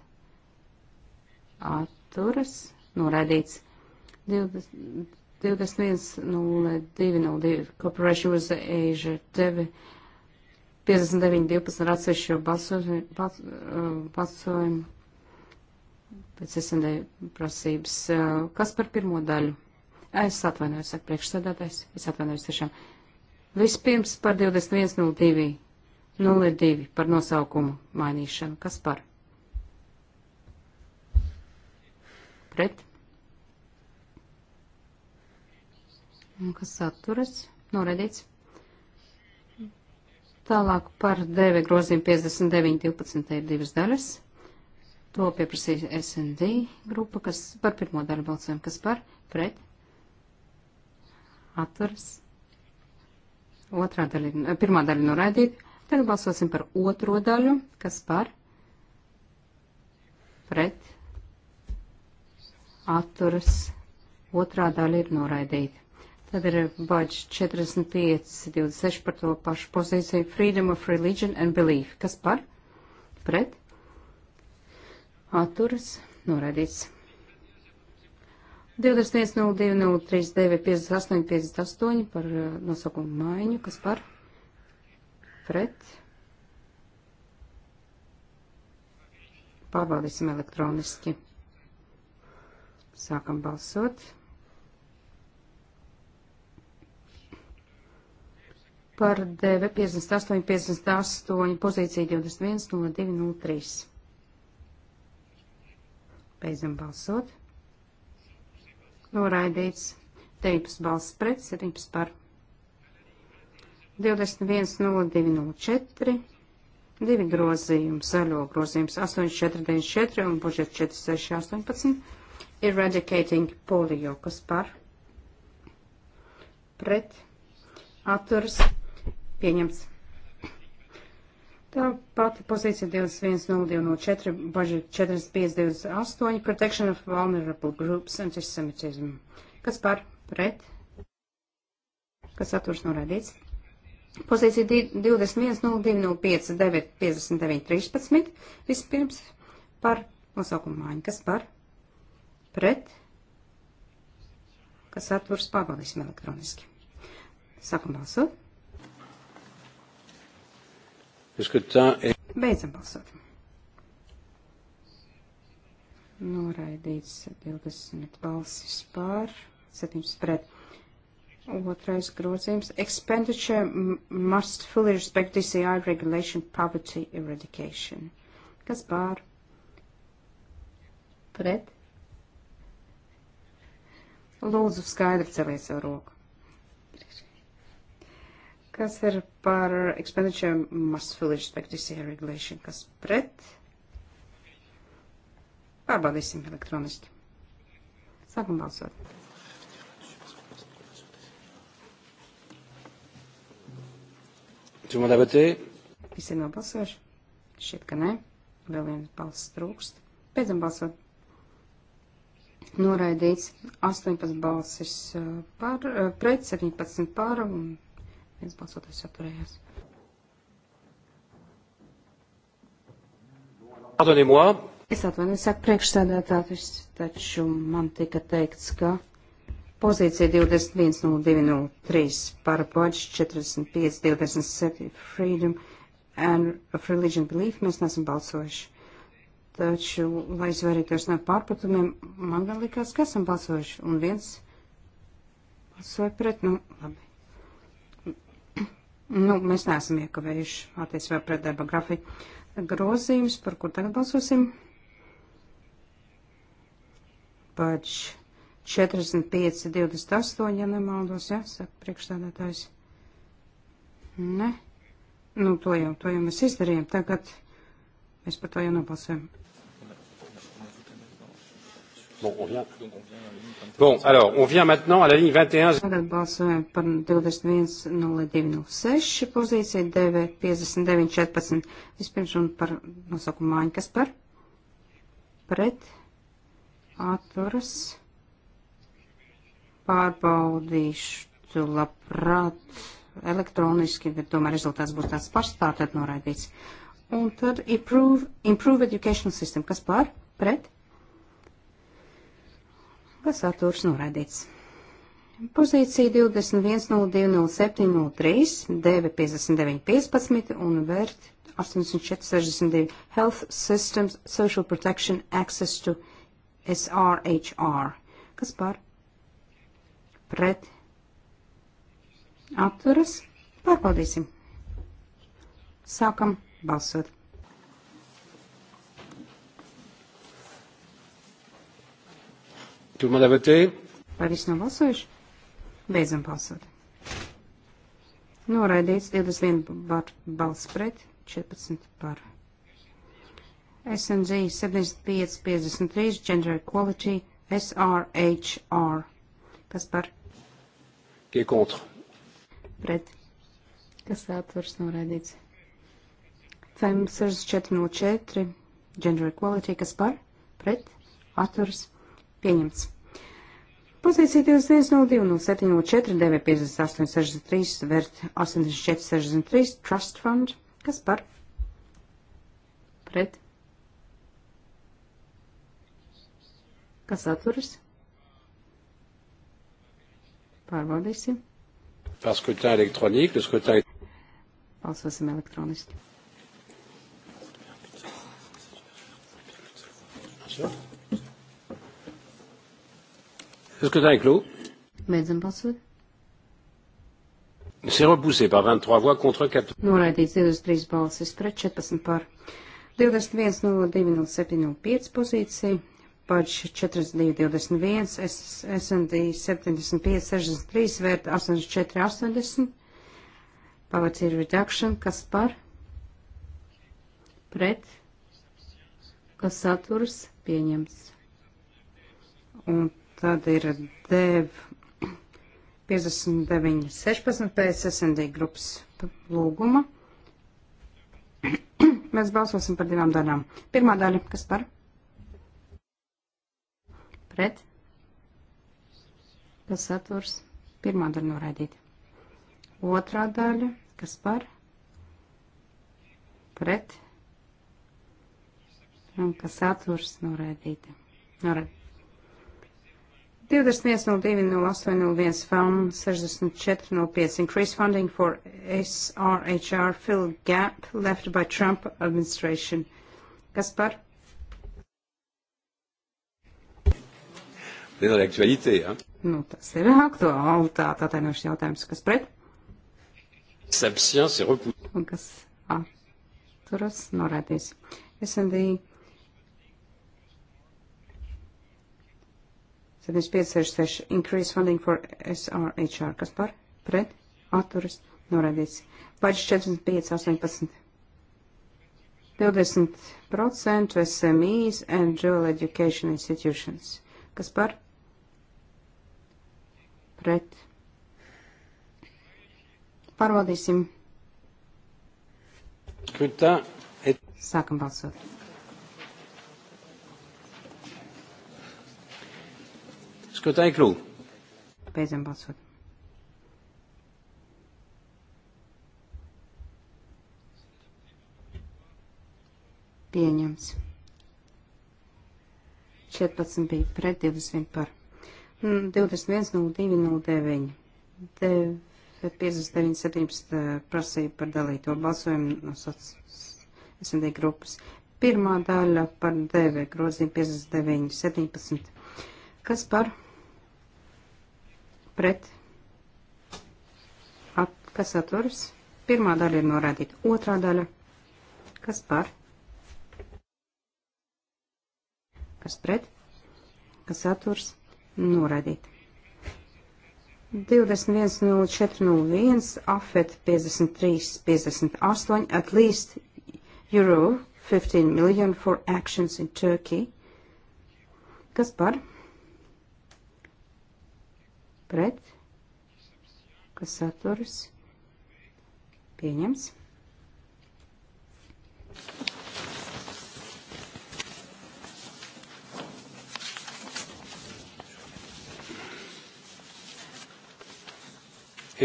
S2: atturas, noraidīts. 21.02.02 Corporation was Asia 9. 59.12 ar atsevišķo uh, balsojumu pēc SND prasības. Uh, kas par pirmo daļu? Es atvainojos, saka priekšsēdētājs. Es atvainojos tiešām. Vispirms par 21.02. 02 par nosaukumu mainīšanu. Kas par? Pret? Un kas atturas? Noredīts. Tālāk par DV grozījumu 59.12 ir divas daļas. To pieprasīja SND grupa, kas par pirmo daļu balsojumu, kas par pret atturas Otrā daļa, pirmā daļa noraidīta. Tad balsosim par otro daļu, kas par pret atturas. Otrā daļa ir noraidīta. Tad ir baģis 45, 26 par to pašu pozīciju Freedom of Religion and Belief. Kas par? Pret? Atturas. Noraidīts. 21.02.039.58.58 par eh, nosaukumu maiņu, kas par pret. Pārbaudīsim elektroniski. Sākam balsot. Par DV 58, 58, pozīcija 21, 02, 03. Beidzam balsot. Noraidīts. 19 balsis pret, 17 par. 21.02.04. Divi grozījumi, zaļo grozījums 8494 un budžets 4618. Eradicating polio, kas par. Pret. Atturs. Pieņemts. Tā pati pozīcija 21.02.04, budžet 45.28, Protection of Vulnerable Groups antisemitism. Kas par pret? Kas atturs norādīts? Pozīcija 21.02.05, 9.59.13. Vispirms par nosaukumu māju. Kas par pret? Kas atturs pārbaudīsim elektroniski. Sākam balsot.
S1: Beidzam
S2: balsot. Noraidīts 20 balsis pār, 7 pret. Otrais grozījums. Expenditure must fully respect DCI regulation poverty eradication. Kas pār? Pret. Lūdzu, skaidri celies ar roku. Kas ir par expenditure must fully respect DCA regulation? Kas pret? Pārbaudīsim elektroniski. Sākam balsot. Tu man debatē? Visi ir nobalsojuši? Šķiet, ka nē. Vēl viens balss trūkst. Beidzam balsot. Noraidīts 18 balsis uh, par, uh, pret, 17 par un viens balsotājs atturējās. Pardonnez-moi. Es atvainojos, saka priekšsēdētājs, taču man tika teikts, ka pozīcija 21.02.03 par budžets 45.27 freedom and of religion belief mēs nesam balsojuši. Taču, lai izvairītos no pārpratumiem, man gan likās, ka esam balsojuši, un viens balsoja pret, nu, labi. Nu, mēs neesam iekavējuši attiecībā pret darba grafiku. Grozījums, par kur tagad balsosim, pač 45, 28, ja nemaldos, jā, ja, saka priekšstādātājs. Ne? Nu, to jau, to jau mēs izdarījām. Tagad mēs par to jau nobalsojam.
S1: Bon, on vient. Bon, alors, on vient maintenant à la ligne 21.
S2: Tagad balsojam par 21.02.06 pozīciju, DV 59.14. Vispirms un par nosaukumu māju, kas par? Pret. Atturas. Pārbaudīšu labprāt elektroniski, bet tomēr rezultāts būs tāds pašs, tātad noraidīts. Un tad improve, improve education system, kas par? Pret kas atturs norādīts. Pozīcija 21.02.07.03, DV 59.15 un vērt 84.62 Health Systems Social Protection Access to SRHR. Kas par? Pret. Atturas. Pārbaudīsim. Sākam balsot.
S1: Tout le monde a voté?
S2: Vai viss nav balsojuši? Beidzam balsot. Noraidīts 21 par balss pret, 14 par. SMG 7553, Gender Equality, SRHR. Kas par? Qui est contre? Pret. Kas atturs noraidīts? FEM 6404, Gender Equality, kas par? Pret. Atturs noraidīts Pieņemts. Pozīcija 2102 no 704 958 63 vert 84 63 Trust Fund. Kas par? Pret. Kas atturas? Pārbaudīsim.
S1: Par scrutin électronique, le scrutin est... Balsosim elektroniski. Sure. Beidzam balsot. Noraidīts 23
S2: balsis pret 14 par 21 no 2,075 pozīciju, pač 42,21, SND 75, 63, vērt 84, 80, pavats ir reduction, kas par, pret, kas saturs pieņems. Un Tad ir DEV 59.16 pēc SND grupas lūguma. Mēs balsosim par divām daļām. Pirmā daļa, kas par? Pret? Kas atvars? Pirmā daļa noraidīta. Otrā daļa, kas par? Pret? Un kas atvars noraidīta. Noraidīta. 21.02.08.01 FAM 64.05 Increased funding for SRHR fill gap left by Trump administration. Gaspar?
S1: Tas ir aktualitāte, jā? Ja?
S2: Nu, tas ir aktualitāte, atvainojuši jautājums, kas pret?
S1: S'abstient, c'est repoussé.
S2: Un kas atturas, norādīs. SND 7566 Increase Funding for SRHR, kas par pret atturas norādīts. Paģis 4518. 20% SMEs and Dual Education Institutions, kas par pret. Pārvaldīsim. Sākam balsot. Scrutin clos. Beidzam balsot. Pieņems. 14 bija pret 20 par. 21, 02, 09. 59, 17 prasīja par dalīto balsojumu no SMD grupas. Pirmā daļa par DV grozījumu 59, 17. Kas par? pret, at, kas atturas. Pirmā daļa ir norādīta. Otrā daļa, kas par, kas pret, kas atturas, norādīta. 21.04.01, AFET 53.58, at least euro 15 million for actions in Turkey. Kas par? pret, kas saturas pieņems.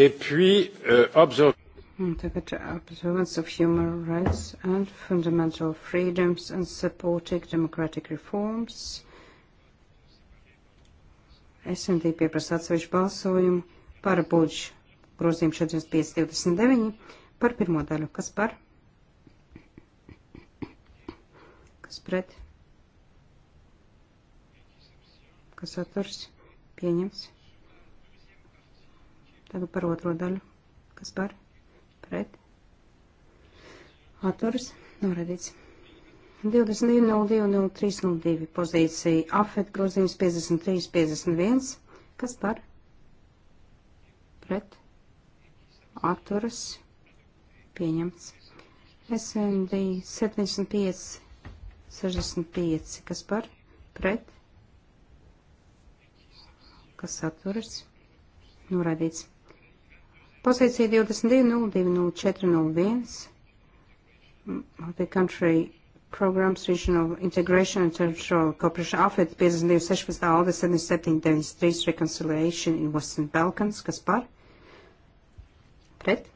S1: Et puis, euh, observe...
S2: Tagad observance of human rights and fundamental freedoms and supporting democratic reforms SMD pieprasa atsevišķu balsojumu par budžu grozījumu 4529 par pirmo daļu. Kas par? Kas pret? Kas atturs? Pieņems. Tagad par otro daļu. Kas par? Pret? Atturs? Noredīts. 22.02.03.02 pozīcija afet grozījums 53.51. Kas par? Pret? Atturas? Pieņemts. SND 75.65. Kas par? Pret? Kas atturas? Norādīts. Pozīcija 22.02.04.01. The country Programs Regional Integration and Territorial Cooperation Office 5216 Alde 7793 Reconciliation in Western Balkans, kas par? Pret?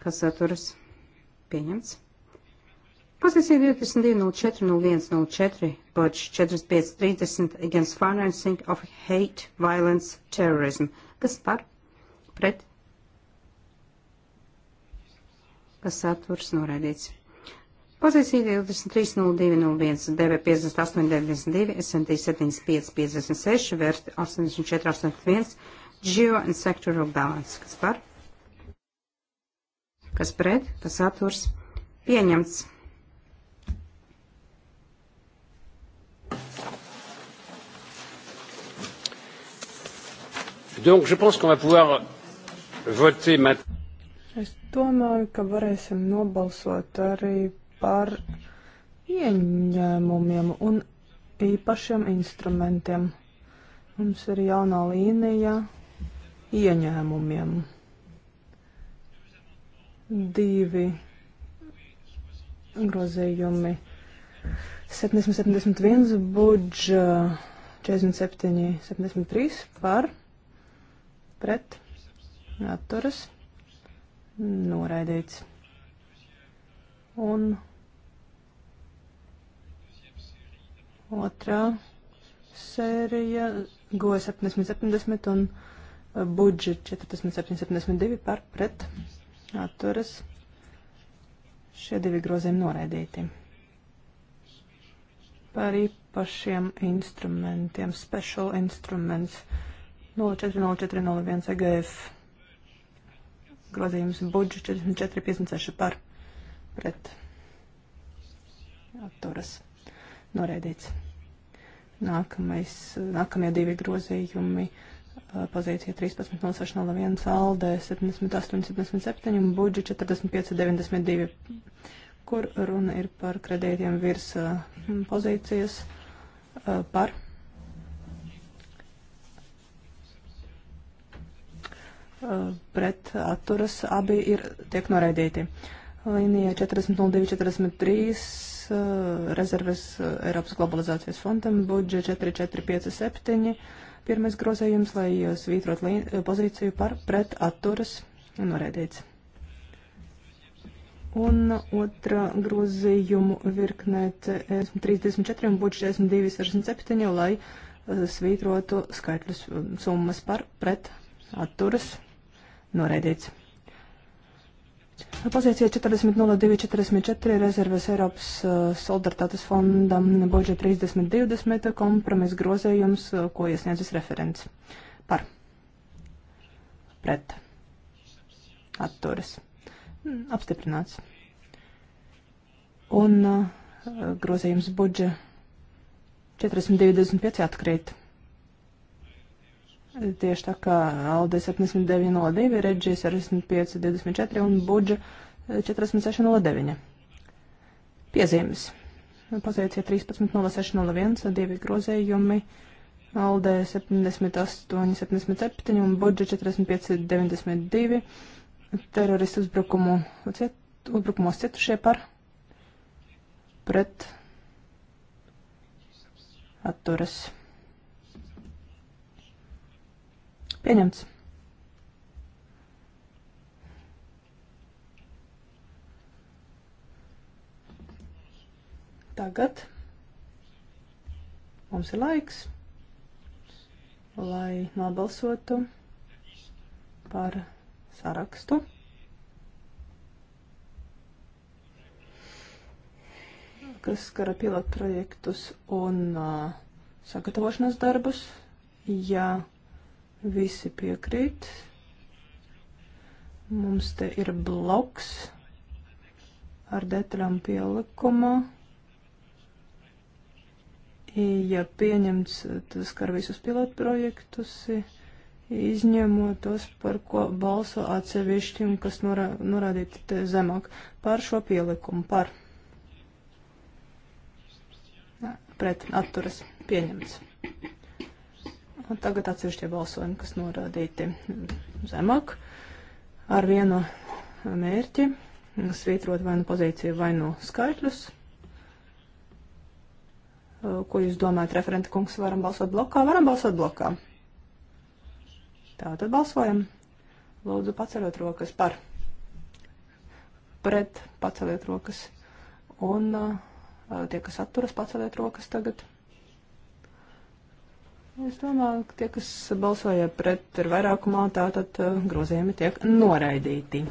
S2: Kas atturas? Pieņemts. Pozīcija 22.04.01.04, budž 45.30 against financing of hate, violence, terrorism. Kas par? Pret? Kas atturs noraidīts? Pozīcija 23.02.01, DV 58.92, SMT 75.56, VERT 84.81, Geo and Sectoral Balance. Kas par? Kas pret? Kas atturs? Pieņemts.
S1: Donc, je pense qu'on va pouvoir voter maintenant.
S3: Es domāju, ka varēsim nobalsot arī par ieņēmumiem un īpašiem instrumentiem. Mums ir jaunā līnija ieņēmumiem. Divi grozījumi. 771 budž 47, 73 par pret atturas noraidīts. Un Otrā sērija GO 770 e un eh, budžet 4772 par pret atturas. Šie divi grozījumi noraidīti. Par īpašiem instrumentiem, special instruments 040401 EGF. Grozījums budžet 4456 par pret atturas noraidīts. Nākamais, nākamie divi grozījumi pozīcija 13.06.01, ALDE 78.77 un budži 45.92, kur runa ir par kredītiem virs pozīcijas par. pret atturas abi ir tiek noraidīti. Līnija 40.02.43 Eh, rezerves eh, Eiropas globalizācijas fondam, budžet 4457, pirmais grozējums, lai eh, svītrot pozīciju par pret atturas norēdīts. Un otra grozījumu virknē 34 e un budžet 4267, e lai svītrotu skaitļus mm, summas par pret atturas norēdīts. Pozīcija 40.02.44 rezerves Eiropas uh, solidaritātes fonda budžeta 30.20 kompromisa grozējums, uh, ko iesniedzis referents. Par. Pret. Atturas. Mm, apstiprināts. Un uh, grozējums budžeta 40.25 atkrīt. Tieši tā kā Alde 7902, Reģija 6524 un Budža 4609. Piezīmes. Pozīcija 13.06.01, divi grozējumi, Alde 78.77 un Budža 45.92, teroristu uzbrukumu, ciet, uzbrukumos cietušie par pret atturas. Pieņemts. Tagad mums ir laiks, lai nobalsotu par sarakstu. kas skara pilotprojektus un uh, sagatavošanas darbus. Ja Visi piekrīt. Mums te ir bloks ar detaļām pielikuma. Ja pieņemts, tas skar visus pilotprojektus, izņemot tos, par ko balso atsevišķi un kas norā, norādīti zemāk par šo pielikumu, par pret atturas pieņemts. Un tagad atsevišķie balsojumi, kas norādīti zemāk, ar vienu mērķi svītrot vai nu pozīciju, vai nu skaitļus. Ko jūs domājat, referenta kungs, varam balsot blokā? Varam balsot blokā. Tā tad balsojam. Lūdzu, paceļot rokas par. Pret paceļot rokas. Un uh, tie, kas atturas, paceļot rokas tagad. Es domāju, ka tie, kas balsoja pret ar vairākumā, tātad eh, grozījumi tiek noraidīti.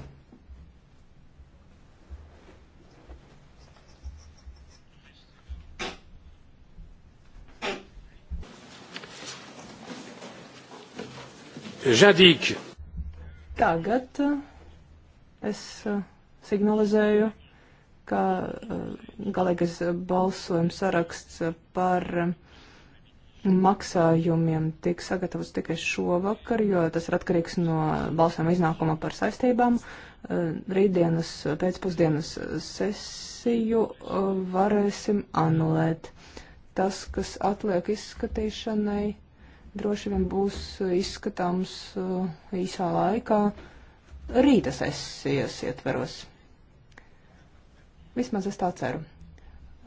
S3: Žadīk. Tagad eh, es eh, signalizēju, ka galīgais balsojums saraksts par maksājumiem tiks sagatavots tikai šovakar, jo tas ir atkarīgs no balsām iznākuma par saistībām. Eh, rītdienas pēcpusdienas sesiju eh, varēsim anulēt. Tas, kas atliek izskatīšanai, droši vien būs izskatāms eh, īsā laikā rīta sesijas ietveros. Vismaz es tā ceru.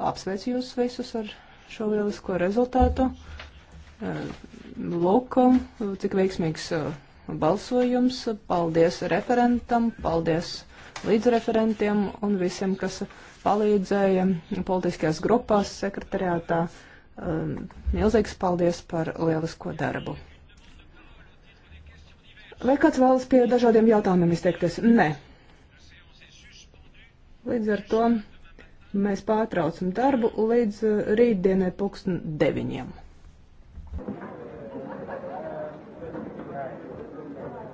S3: Apsveicu jūs visus ar šo lielisko rezultātu. Lūk, cik veiksmīgs uh, balsojums. Paldies referentam, paldies līdzreferentiem un visiem, kas palīdzēja politiskajās grupās sekretariātā. Um, milzīgs paldies par lielisko darbu. Vai kāds vēlas pie dažādiem jautājumiem izteikties? Nē. Līdz ar to mēs pārtraucam darbu līdz uh, rītdienai pulksten deviņiem.